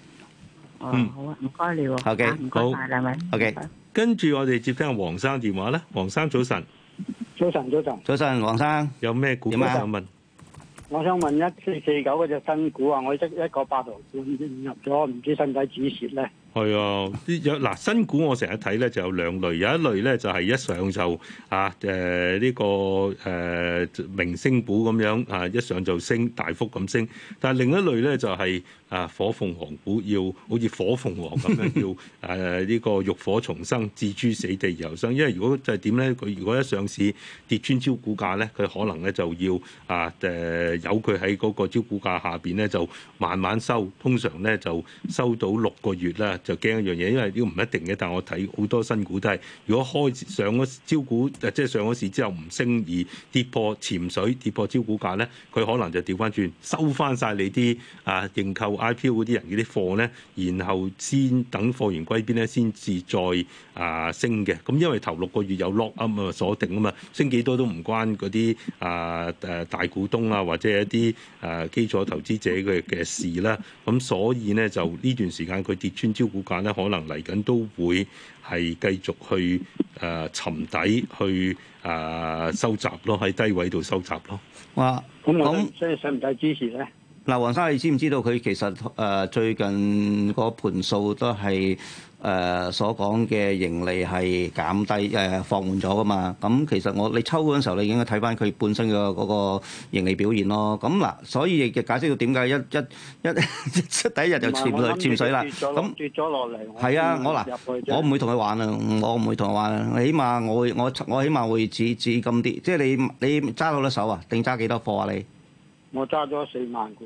哦，好啊，唔該你喎，唔該曬，係兩位？好嘅，跟住我哋接聽黃生電話咧，黃生早晨，早晨早晨早晨，黃生有咩股啊？我想問一四四九嗰隻新股啊，我一個八毫半入咗，唔知使唔使止蝕？係啊，啲有嗱新股我成日睇咧，就有兩類，有一類咧就係一上就啊誒呢個誒、呃、明星股咁樣啊，一上就升大幅咁升，但係另一類咧就係啊火鳳凰股，要好似火鳳凰咁樣要誒呢、呃這個浴火重生，置諸死地而後生。因為如果就係點咧，佢如果一上市跌穿招股價咧，佢可能咧就要啊誒由佢喺嗰個招股價下邊咧就慢慢收，通常咧就收到六個月啦。就驚一樣嘢，因為呢個唔一定嘅。但係我睇好多新股都係，如果開上咗招股，即係上咗市之後唔升而跌破潛水、跌破招股價咧，佢可能就調翻轉，收翻晒你啲啊認購 IPO 嗰啲人嗰啲貨咧，然後先等貨源歸邊咧，先至再啊升嘅。咁因為頭六個月有 lock up 啊鎖定啊嘛，升幾多都唔關嗰啲啊誒大股東啊或者係一啲啊基礎投資者嘅嘅事啦。咁所以咧就呢段時間佢跌穿招股咧，可能嚟緊都會係繼續去誒沉、呃、底去誒、呃、收集咯，喺低位度收集咯。哇，咁所以使唔使支持咧？ [NOISE] 嗱，黃生，你知唔知道佢其實誒最近個盤數都係誒所講嘅盈利係減低誒放緩咗㗎嘛？咁其實我你抽嗰陣時候，你應該睇返佢本身嘅嗰個盈利表現咯。咁嗱，所以亦解釋到點解一一一第一日就潛水潛水啦。咁跌咗落嚟，跌咗落嚟，係啊！我嗱，我唔會同佢玩啊！我唔會同佢玩啊！起碼我我我起碼會止止咁啲。即係你你揸到多手啊？定揸幾多貨啊？你？我揸咗四萬股，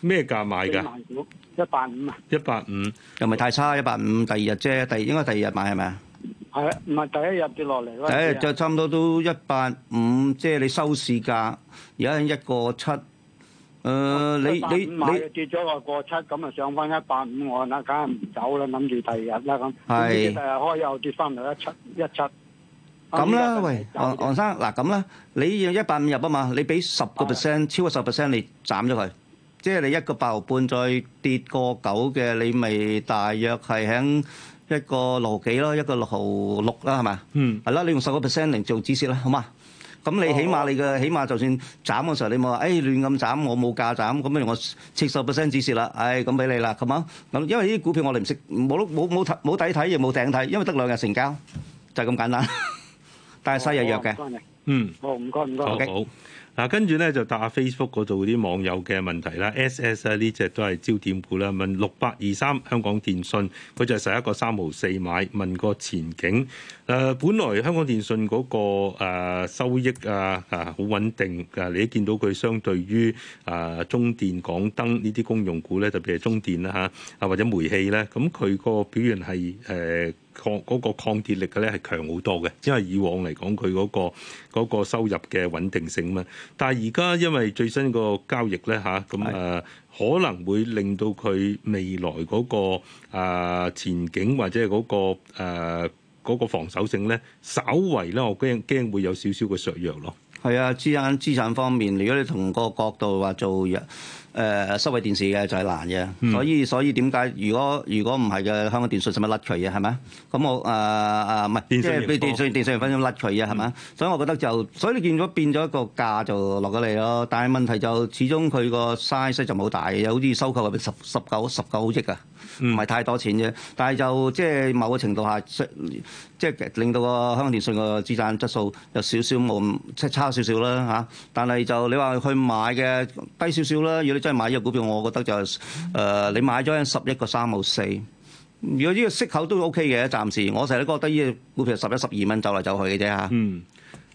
咩價買㗎？四萬股一百五啊！一百五又咪太差？一百五第二日啫，第應該第二日買係咪啊？係，唔係第一日跌落嚟囉。第一日就差唔多都一百五，即係你收市價，而家一個七。誒，你你你跌咗個個七，咁啊上翻一百五，我嗱梗係唔走啦，諗住第二日啦咁。係。第二日開又跌翻嚟一七一七。咁啦，喂，王王生，嗱咁啦，你要一百五入啊嘛，你俾十個 percent，超過十 percent 你斬咗佢，即係你一個八毫半再跌過九嘅，你咪大約係喺一個六毫幾咯，一個六毫六啦，係咪？嗯，係啦，你用十個 percent 嚟做止蝕啦，好嘛？咁你起碼你嘅起碼就算斬嘅時候，你唔好話誒亂咁斬，我冇價斬，咁不如我設十 percent 止蝕啦，誒咁俾你啦，好嘛？咁因為呢啲股票我哋唔識，冇碌冇冇睇冇底睇，又冇頂睇，因為得兩日成交，就係咁簡單。但係西藥弱嘅，哦、嗯，好 Okay. 好。好，唔該，唔該，好嗱，跟住咧就答下 Facebook 嗰度啲網友嘅問題啦。S.S. 啊，呢隻都係焦點股啦。問六八二三香港電信，佢就係十一個三毫四買。問個前景，誒、呃，本來香港電信嗰、那個、啊、收益啊，啊，好穩定。誒，你見到佢相對於誒、啊、中電、港燈呢啲公用股咧，特別係中電啦嚇，啊或者煤氣咧，咁佢個表現係誒抗嗰個抗跌力嘅咧係強好多嘅，因為以往嚟講佢嗰個嗰、那個那個收入嘅穩定性嘛。但係而家因為最新個交易咧嚇，咁、啊、誒可能會令到佢未來嗰、那個、呃、前景或者係、那、嗰個誒、呃那個、防守性咧，稍為咧我驚驚會有少少嘅削弱咯。係啊，資產資產方面，如果你同個角度話做。誒、呃、收費電視嘅就係難嘅、嗯，所以所以點解如果如果唔係嘅香港電訊使乜甩佢嘅係咪？咁我誒誒唔係，呃呃、即係俾電訊電訊股份咁甩佢嘅係咪？嗯、所以我覺得就所以你見咗變咗一個價就落咗嚟咯。但係問題就始終佢個 size 就冇大，好似收購入邊十十九十九億㗎，唔係太多錢啫。但係就即係某個程度下。即係令到個香港電信個資產質素有少少冇，即係差少少啦嚇，但係就你話去買嘅低少少啦。如果你真係買依個股票，我覺得就係誒你買咗十一個三毫四，如果呢個息口都 O K 嘅，暫時我成日都覺得呢個股票十一十二蚊走嚟走去嘅啫嚇。啊嗯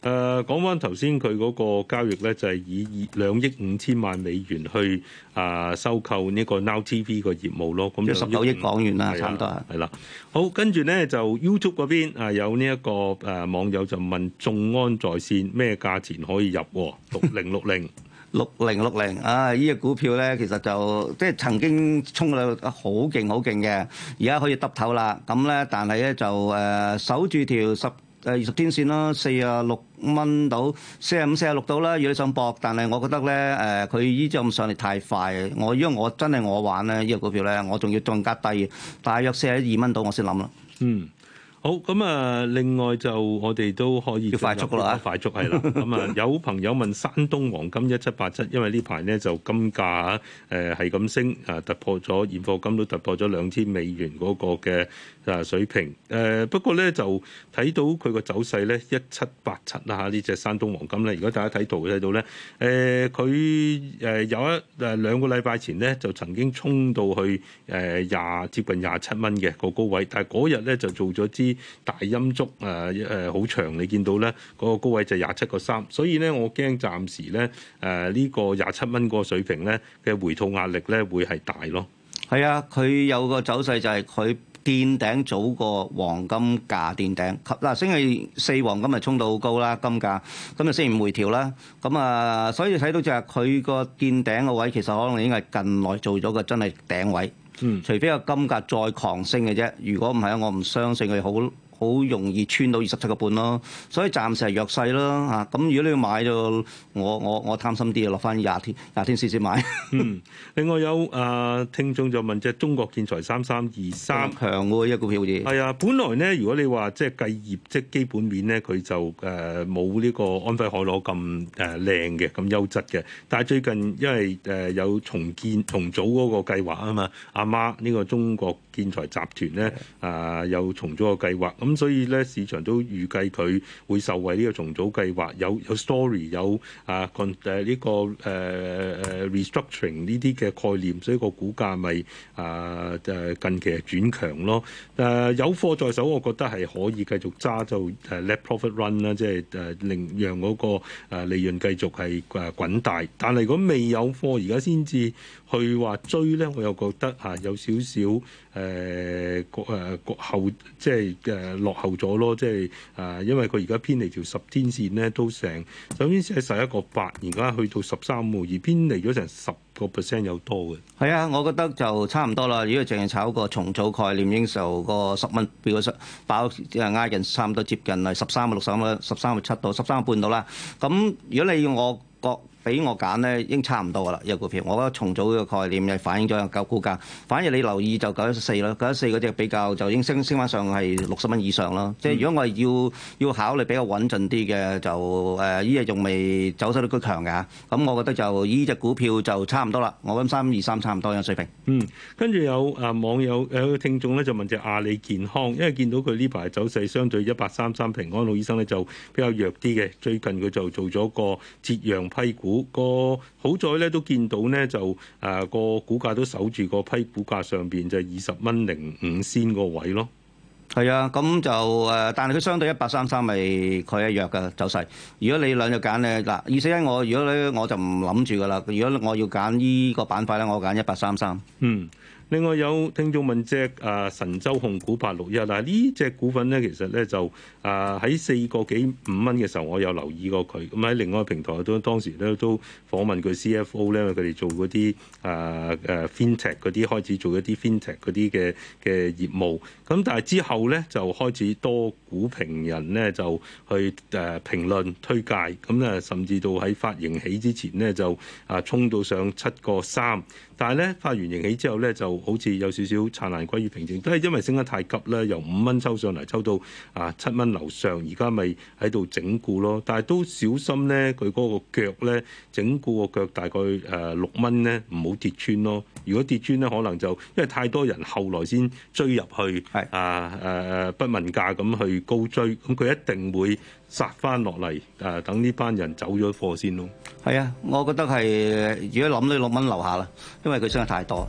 誒講翻頭先佢嗰個交易咧，就係、是、以兩億五千萬美元去啊收購呢個 Now TV 個業務咯。即係十九億港元啦，差唔多。係啦，好跟住咧就 YouTube 嗰邊、這個、啊有呢一個誒網友就問眾安在線咩價錢可以入？六零六零，六零六零啊！呢、這、隻、個、股票咧其實就即係曾經衝到好勁好勁嘅，而家可以揼頭啦。咁咧，但係咧就誒、呃、守住條十。誒二十天線啦，四十六蚊到，四十五四十六到啦。如果你想搏，但係我覺得咧，誒佢依陣上嚟太快。我因為我真係我玩咧，依、這個股票咧，我仲要仲加低，大約四十二蚊到，我先諗啦。嗯。好，咁啊！另外就我哋都可以要快速噶啦，快速係啦。咁啊，有朋友問：山東黃金一七八七，因為呢排咧就金價誒係咁升啊，突破咗現貨金都突破咗兩千美元嗰個嘅誒水平。誒不過咧就睇到佢個走勢咧一七八七啦嚇呢隻山東黃金咧。如果大家睇圖睇到咧，誒佢誒有一誒兩個禮拜前咧就曾經衝到去誒廿接近廿七蚊嘅個高位，但係嗰日咧就做咗支。大陰燭誒誒好長，你見到咧嗰個高位就係廿七個三，所以咧我驚暫時咧誒呢個廿七蚊嗰個水平咧嘅回吐壓力咧會係大咯。係啊，佢有個走勢就係佢見頂早過黃金價見頂。嗱，星期四黃金咪衝到好高啦，金價咁就先回調啦。咁啊，所以睇到就係佢個見頂個位其實可能已經係近內做咗個真係頂位。嗯、除非個金價再狂升嘅啫，如果唔係啊，我唔相信佢好。好容易穿到二十七個半咯，所以暫時係弱勢咯嚇。咁、啊、如果你要買就，我我我貪心啲啊，落翻廿天廿天試試買。 [LAUGHS] 嗯、另外有啊、呃、聽眾就問啫，中國建材三三二三強喎，一個票嘢。係啊，本來咧，如果你話即係計業績基本面咧，佢就誒冇呢個安徽海螺咁誒靚嘅，咁、呃、優質嘅。但係最近因為誒有重建重組嗰個計劃、嗯嗯、啊嘛，阿媽呢個中國建材集團咧啊、呃呃、有重組嘅計劃咁。嗯。所以咧，市場都預計佢會受惠呢個重組計劃，有有 story，有啊誒呢、呢個誒誒、啊、restructuring 呢啲嘅概念，所以個股價咪啊誒近期係轉強咯。誒、啊、有貨在手，我覺得係可以繼續揸就誒 let profit run 啦、啊，即係誒令讓嗰個利潤繼續係誒滾大。但係如果未有貨，而家先至去話追咧，我又覺得啊有少少。誒個誒個後即係誒落後咗咯，即係啊、呃，因為佢而家偏離條十天線咧，都成首先先係十一個八，而家去到十三毫而偏離咗成十個 percent 有多嘅。係啊，我覺得就差唔多啦。如果淨係炒個重組概念應受個十蚊，變咗十爆誒壓近差唔多接近係十三個六十蚊，十三個七到十三個半到啦。咁如果你要我個俾我揀咧，已經差唔多噶啦，呢、這個股票，我覺得重組嘅概念又反映咗個舊股價。反而你留意就九一四啦，九一四嗰隻比較就已經升升翻上係六十蚊以上咯。即係如果我係要要考慮比較穩陣啲嘅，就誒依嘢仲未走勢都幾強嘅咁、啊嗯、我覺得就依隻、這個、股票就差唔多啦。我諗三二三差唔多嘅水平。嗯，跟住有啊網友有、啊、聽眾咧就問隻阿里健康，因為見到佢呢排走勢相對一八三三平安好醫生咧就比較弱啲嘅。最近佢就做咗個折讓批股。好個好在咧都見到咧就誒、呃、個股價都守住個批股價上邊就二十蚊零五仙個位咯。係啊，咁就誒、呃，但係佢相對一百三三咪佢係弱噶走勢。如果你兩隻揀咧嗱，二四一我如果咧我就唔諗住噶啦。如果我要揀呢個板塊咧，我揀一百三三。嗯。另外有聽眾問隻啊神州控股八六一，嗱呢隻股份咧，其實咧就啊喺四個幾五蚊嘅時候，我有留意過佢。咁喺另外一個平台都當時咧都訪問佢 CFO 咧，佢哋做嗰啲啊啊 fintech 嗰啲開始做一啲 fintech 嗰啲嘅嘅業務。咁但係之後咧就開始多股評人咧就去誒評論推介。咁咧甚至到喺發型起之前咧就啊衝到上七個三。但係咧發完形起之後咧，就好似有少少燦爛歸於平靜。都係因為升得太急咧，由五蚊抽上嚟，抽到啊七蚊樓上，而家咪喺度整固咯。但係都小心咧，佢嗰個腳咧整固個腳大概誒六蚊咧，唔好跌穿咯。如果跌穿咧，可能就因為太多人後來先追入去，係是啊誒誒、啊、不問價咁去高追，咁、嗯、佢一定會，殺翻落嚟，誒等呢班人走咗貨先咯。係啊，我覺得係如果諗到六蚊樓下啦，因為佢傷得太多。